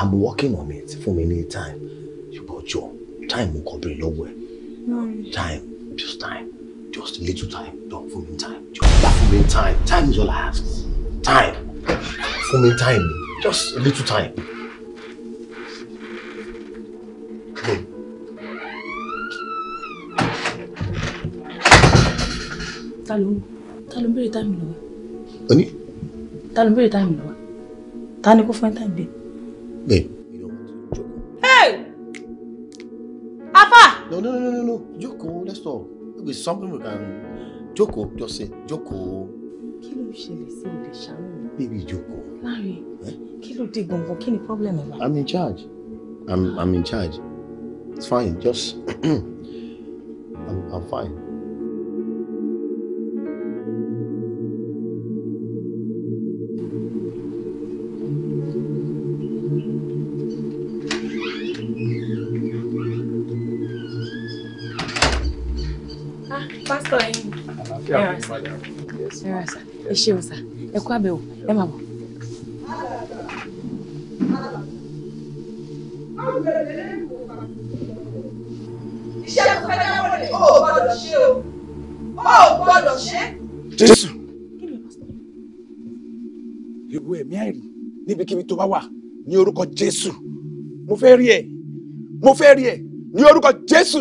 [SPEAKER 6] I'm, working on it fún mi ní time ṣùgbọ́n jọ time mo kàn bèrè lọ́wọ́ ẹ̀ time just time just little time don fún mi time just fún mi time time is all I have. time fún mi time just little time.
[SPEAKER 1] ta ló ta ló ń béèrè táìmù lọ́wọ́. o ní. ta ló ń béèrè táìmù lọ́wọ́ ta ni kò fún ẹ táìmù bẹ́ẹ̀. hey
[SPEAKER 6] afa. no no no no no Joko, let's talk it be something we can Joko, just say Joko.
[SPEAKER 1] Kilo ló ń ṣẹlẹ̀ sí ìdè ṣàánú mi.
[SPEAKER 6] bébí jókòó.
[SPEAKER 1] láàrin eh? kí ló dé gbọ̀ngàn kí problem ẹ̀ bá.
[SPEAKER 6] i'm in charge i'm i'm in charge it's fine just i'm i'm fine.
[SPEAKER 1] tọ́ yín. ẹ ṣe òsà ẹ kú àbẹ̀wò ẹ máa bọ̀. iṣẹ́ tó fẹ́ dáwọ́ lè ó gbọ́dọ̀ ṣe o ó gbọ́dọ̀ ṣe.
[SPEAKER 2] jésù ìwé ẹ̀mí àìrí níbikíbi tó bá wà ní orúkọ jésù mo fẹ́ rí ẹ mo fẹ́ rí ẹ ní orúkọ jésù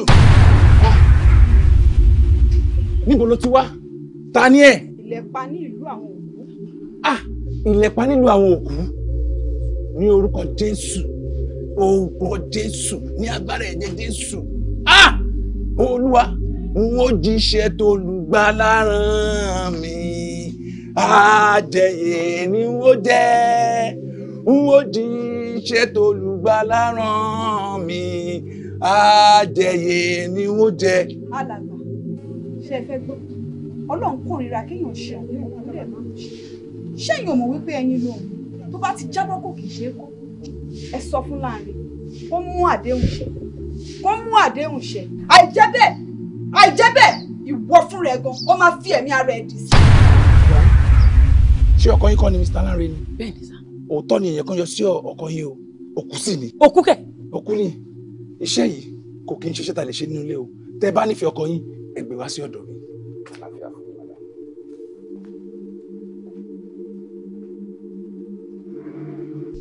[SPEAKER 2] níbo ló ti wá ta ni ẹ.
[SPEAKER 1] ìlẹ̀pa ní ìlú àwọn òkú. ah
[SPEAKER 2] ìlẹ̀pa nílùú àwọn òkú ní orúkọ jésù orúkọ jésù ní agbára ẹ̀jẹ̀ jésù ah olúwa n ó jíṣẹ́ tó lùgbàláràn mi àjẹyè ni n ó jẹ́ n ó jíṣẹ́ tó lùgbàláràn mi àjẹyè ni n ó jẹ́.
[SPEAKER 1] alàgbà ṣe é fẹ́ gbọ́ ọlọ́run kórìíra kéèyàn ṣe àwọn ọmọ rẹ̀ máa ṣe ṣẹ́yìn ò mọ̀ wípé ẹyin lòun tó bá ti jábọ́ kò kì í ṣe é kó ẹ sọ fún láàrin kó mú àdéhùn ṣẹ kó mú àdéhùn ṣẹ àìjẹ́ bẹ́ẹ̀ àìjẹ́ bẹ́ẹ̀ ìwọ fún rẹ gan ó máa fi ẹ̀mí ara ẹ̀ dì sí.
[SPEAKER 2] ṣé ọkọ yín kọ́ ni Mr. Lanre ni. òótọ́ ni èèyàn kan yọ sí ọkọ yín o òkú sì ni. òkú kẹ̀. òkú ni iṣẹ́ yìí kò kí n ṣiṣẹ́ ta lè ṣe nínú o tẹ bá nífẹ̀ẹ́ ọkọ yín ẹ gbé wá sí ọ̀dọ̀ mi.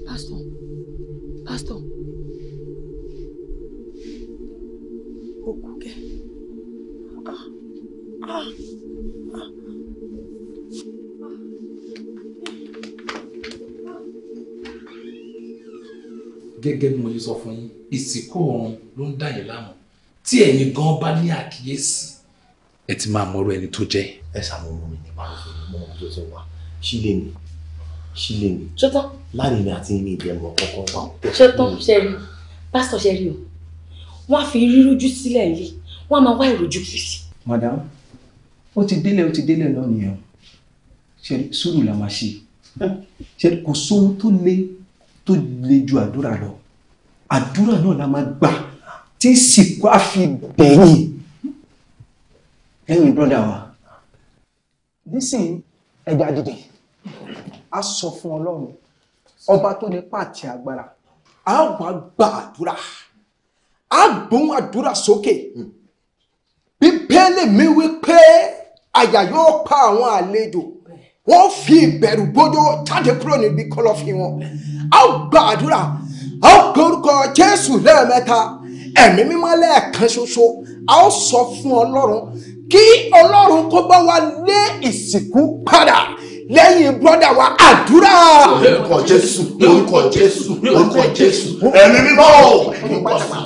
[SPEAKER 1] pásítọ̀ pásítọ̀ òkú kẹ́
[SPEAKER 3] ah ah ah.
[SPEAKER 5] gẹ́gẹ́ bí mo ṣe sọ fún yín ìsìnkú ọ̀run ló ń dà yín láàmú tí ẹ̀yin
[SPEAKER 6] gan bá ní àkíyèsí ẹ ti máa mọ̀rọ̀ ẹni tó jẹ́. ẹ sàmọ̀ ọmọ mi ní pàrọ̀ mi mọ́ ọmọ tó ti wá sílé mi sílé mi ṣẹ́tọ́ láàrin mi àti mi ìdẹ̀ mọ̀ kọ́kọ́ wà.
[SPEAKER 1] ṣẹ́tọ́ ṣẹ́rí pásítọ̀ ṣẹ́rí o wọ́n á fi rírújú sílẹ̀ yìí wọ́n á máa wá ìrújú kìsì.
[SPEAKER 7] madam ó ti délé ó ti délé lónìí o ṣẹ́rí sùúrù la máa ṣe ṣẹ́rí kò sóhun tó le tó le ju àdúrà lọ àdúrà náà la máa gbà tí sìnkú á fi bẹ̀yìn lẹ́yìn brọ́dà wa nísìnyí ẹja dìde a sọ fún ọlọ́run ọba tó ní pàtì agbára
[SPEAKER 2] a wá gba àdúrà a gbóhùn àdúrà sókè bíbélì mi wí pé àyà yóò pa àwọn àlejò wọ́n fi ìbẹ̀rù bójó jáde kúrò níbi kọ̀lọ̀fín wọn a gba àdúrà a gbórúkọ jésù lẹ́ẹ̀mẹ́ta ẹ̀mí mímọ́ lẹ́ẹ̀kan ṣoṣo a ó sọ fún ọlọ́run kí ọlọ́run kó bá wa lé ìsìnkú padà lẹ́yìn brọ́dà wa àdúrà. orúkọ jésù orúkọ jésù orúkọ jésù ẹ̀mí mímọ́ orúkọ jésù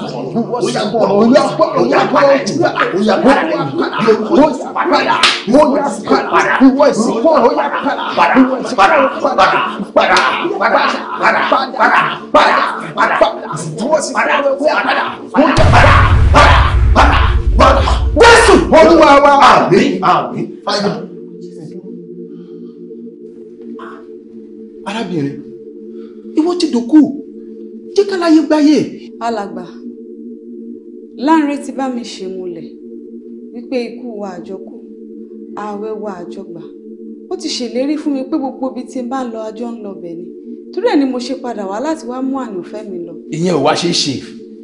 [SPEAKER 2] Para! Jésù olúwa wa. Àmín àmín fáyà. Arábìnrin,
[SPEAKER 1] ìwọ ti dòkú, jẹ́ ká láyé gbáyé. Alàgbà, Láńrẹ́ ti bá mi ṣe múlẹ̀ wípé ikú wa àjọkú, ààwẹ̀ wa àjọgbà. Ó ti ṣèlérí fún mi pé gbogbo ibi tí n bá lọ àjọ ń lọ bẹ̀ ni. Torí ẹ̀ ni mo ṣe padà wá láti wá mú àyànfẹ́ mi lọ.
[SPEAKER 7] Ìyẹn ò wá ṣeé ṣe,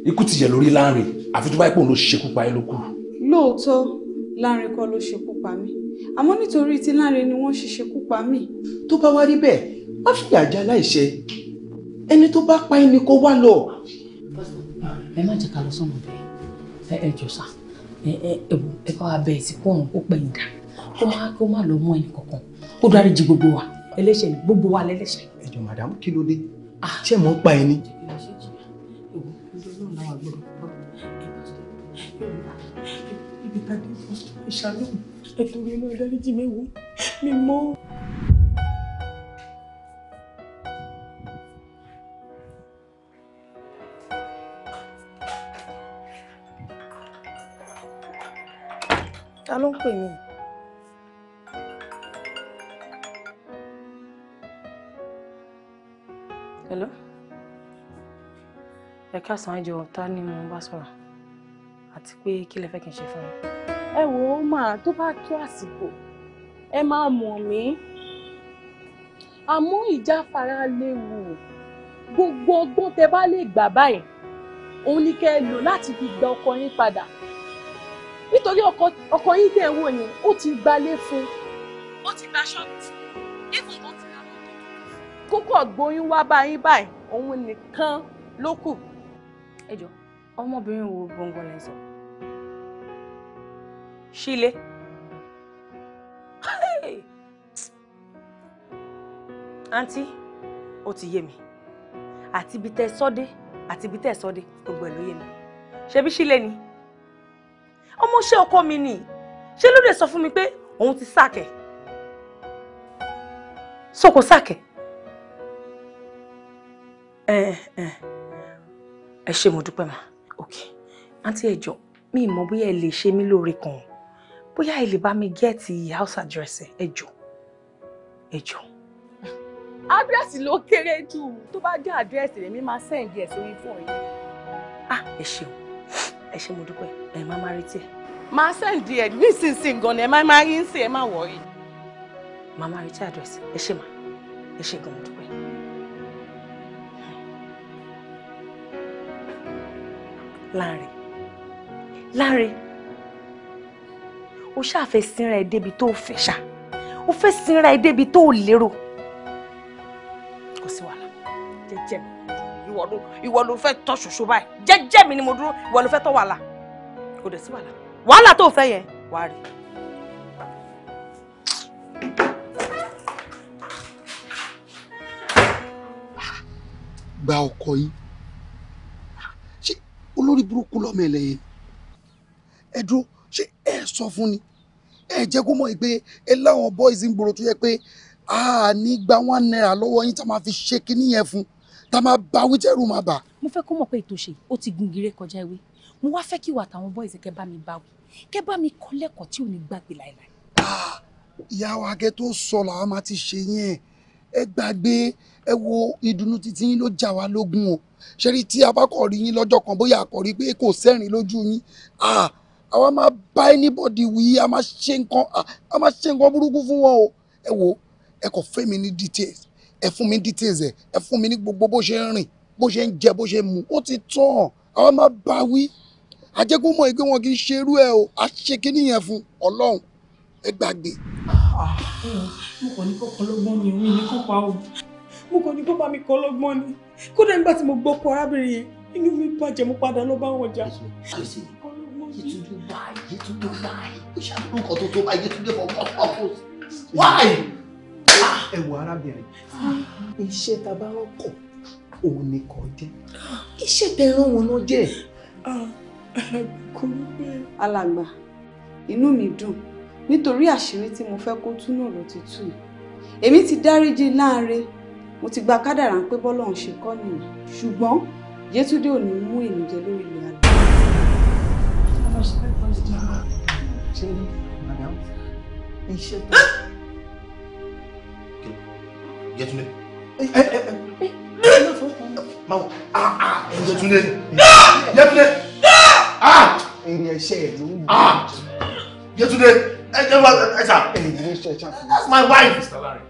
[SPEAKER 7] ikú ti yẹ lórí Láńrẹ́ àfi tó bá yẹ pé òun ló ṣekú pa ẹ ló
[SPEAKER 1] kù. lóòótọ́ láàrin kọ́ ló ṣekú pa mí àmọ́ nítorí tí láàrin ni wọ́n ṣe ṣekú pa mí.
[SPEAKER 7] tó bá wá rí bẹ́ẹ̀ má fìyà jẹ aláìṣẹ̀
[SPEAKER 1] ẹni tó bá pa ẹni kó wá lọ. ẹ má jẹ ká lọ sọnà bẹ́ẹ̀ ẹ jọ sá ẹ ẹ bá wa bẹ ìsìnkú ọ̀run kó pẹ̀yìn dà kó má kó má lọ mú ẹnì kankan kó dárí jì gbogbo wa ẹlẹ́ṣẹ̀ gbogbo wa lẹ́lẹ́ṣẹ̀. ẹ jọ màdàmú kí ló dé ah. ṣé mò ń pa ẹni. ibi tá a dé bọ́ ìṣàlù ẹ̀tọ́rí náà dáríjì mẹ́wọ́ mi mọ́. ta ló ń pè mí? Hello? Ẹ̀ka sàn jọ ta ni mo bá sọ̀rọ̀? àti pé kí lẹ fẹ́ kí n ṣe fún yín. ẹ wò ó máa tó bá tó àsìkò ẹ máa mọ̀ mí àmọ́ ìjáfara léwu gbogbo ọgbọ́n tẹ bá lè gbà báyìí òun ni kẹ́ ẹ lò láti fi gba ọkọ yín padà nítorí ọkọ yín dẹ̀ wò yẹn ó ti gbalé fún ó ti gba ṣọ́ọ̀bù fún
[SPEAKER 3] even kan ti ra
[SPEAKER 1] mọ́tò kókó ọ̀gbọ́n yín wá bá yín báyìí òun nìkan ló kù. ẹ jọ̀ọ́ ọmọbìnrin wo gbọ̀ngàn lẹ sọ ṣílé àǹtí ó ti yé mi àti ibi tẹ sọdé àti ibi tẹ sọdé gbogbo ẹ ló yé mi ṣebí ṣílé ni ọmọọṣẹ́ ọkọ mi nì ṣé ló dé sọ fún mi pé òun ti sáàkẹ sọkò sáàkẹ ẹ ẹ ẹ ṣé mo dúpẹ́ máa àǹtí ẹ̀jọ̀ mi mọ̀ bóyá ẹ lè ṣe mí lóore kan bóyá ẹ lè bá mi gẹ́ẹ̀tì house address ẹ ẹ̀jọ̀ ẹ̀jọ̀. address ló kéré jù tó bá jẹ́ address rẹ̀ mi máa send ẹ̀ sórí fóònù ah ẹ ṣeun ẹ ṣe mo dúpẹ́ ẹ má má retí ẹ. máa send ẹ nísinsìnyí gan ni ẹ má má rí ń sè ẹ má wọrí. màmá retí address ẹ ṣe máa ẹ ṣe gan mo dúpẹ́. láàrin Láre o ṣáà fẹ́ sínra ẹ débi tó fẹ́ ṣá o fẹ́ sínra ẹ débi tó lérò kò sí wàhálà jẹ́jẹ́ mi ìwọ ló ìwọ ló fẹ́ tọ́ ṣoṣo báyìí jẹ́jẹ́ mi ni mo dúró ìwọ ló fẹ́ tọ́ wàhálà kò dẹ̀ sí wàhálà wàhálà tó fẹ́ yẹn wàá rí.
[SPEAKER 5] gba ọkọ yín ṣé olórí burúkú lọ́mọ ẹlẹ́yìn
[SPEAKER 2] ẹ dúró ṣé ẹ sọ fún ni ẹ jẹ́ kó mọ̀ pé ẹ boys ń gbòòrò tó yẹ pé a ní gba one naira lọ́wọ́ yín tá máa fi ṣe kinní yẹn fún tá máa bá wíjẹ́rù
[SPEAKER 1] máa bà. mo fẹ́ kó mọ̀ pé ètò ìṣe ó ti gun gire kọjá ewé mo wá fẹ́ kí ìwà àtàwọn boys kẹ́ bá mi bá wí kẹ́ bá mi kọ́ lẹ́kọ̀ọ́ tí ò ní gbàgbé láìláì. Ah, ìyá wa akẹ́ tó sọ
[SPEAKER 2] làwọn máa ti ṣe yẹn ẹ gbàgbé ẹ wo ìdùnnú títí yín ló jà wá lógún o ṣe rí tí a rí yín lọ́jọ́ kan bóyá a pé kò sẹ́rìn lójú yín ah, àwa máa bá anybody wí a máa ṣe nǹkan a máa ṣe nǹkan burúkú fún wọn o ẹ wo ẹ kò fẹ́ mi ní details ẹ fún mi details ẹ ẹ fún mi ní gbogbo bó ṣe ń rìn bó ṣe ń jẹ bó ṣe ń mu ó ti tán àwa máa bá wí àjẹkùn mọ̀ pé wọn kì í ṣe irú ẹ o a ṣe kíní yẹn fún ọlọ́run ẹ gbàgbé.
[SPEAKER 1] mo kàn ní kọ́kọ́ lọ́gbọ́n mi mi ní kọ́pa o mo kàn ní kọ́pa mi kọ́ lọ́gbọ́n ni kódà nígbà tí mo gbọ́ kó arábìnrin yẹn inú mi bàjẹ́ mo padà lọ bá wọn jà
[SPEAKER 2] why?
[SPEAKER 1] Yétúndé why?
[SPEAKER 5] what purpose?
[SPEAKER 7] Why?
[SPEAKER 5] Ẹ wo arábìnrin.
[SPEAKER 1] Iṣẹ́ ta bá ń kọ̀,
[SPEAKER 5] òun ni kò jẹ́.
[SPEAKER 1] Iṣẹ́ tẹ ẹran wọn náà jẹ́. Ah, Alàgbà, inú mi dùn nítorí àṣírí tí mo fẹ́ kó túnú ló ti tú yìí. Èmi ti dáríjì láàrin, mo ti gba kádàrá ń pé bọ́lọ́run ṣe kọ́ nìyí. Ṣùgbọ́n Yétúndé ò ní mú èmi lórí ilẹ̀ àgbà bá ṣe fẹ́ pọ́n sí náà ṣe rí madam iṣẹ́ tó.
[SPEAKER 6] Yẹtúndé. Máwo
[SPEAKER 2] Yẹtúndé Yẹtúndé èrè ẹ̀ṣẹ̀ ẹ̀ ló ń bọ̀. Yẹtúndé ẹ jẹ́ That's my wife. Mr. Larry.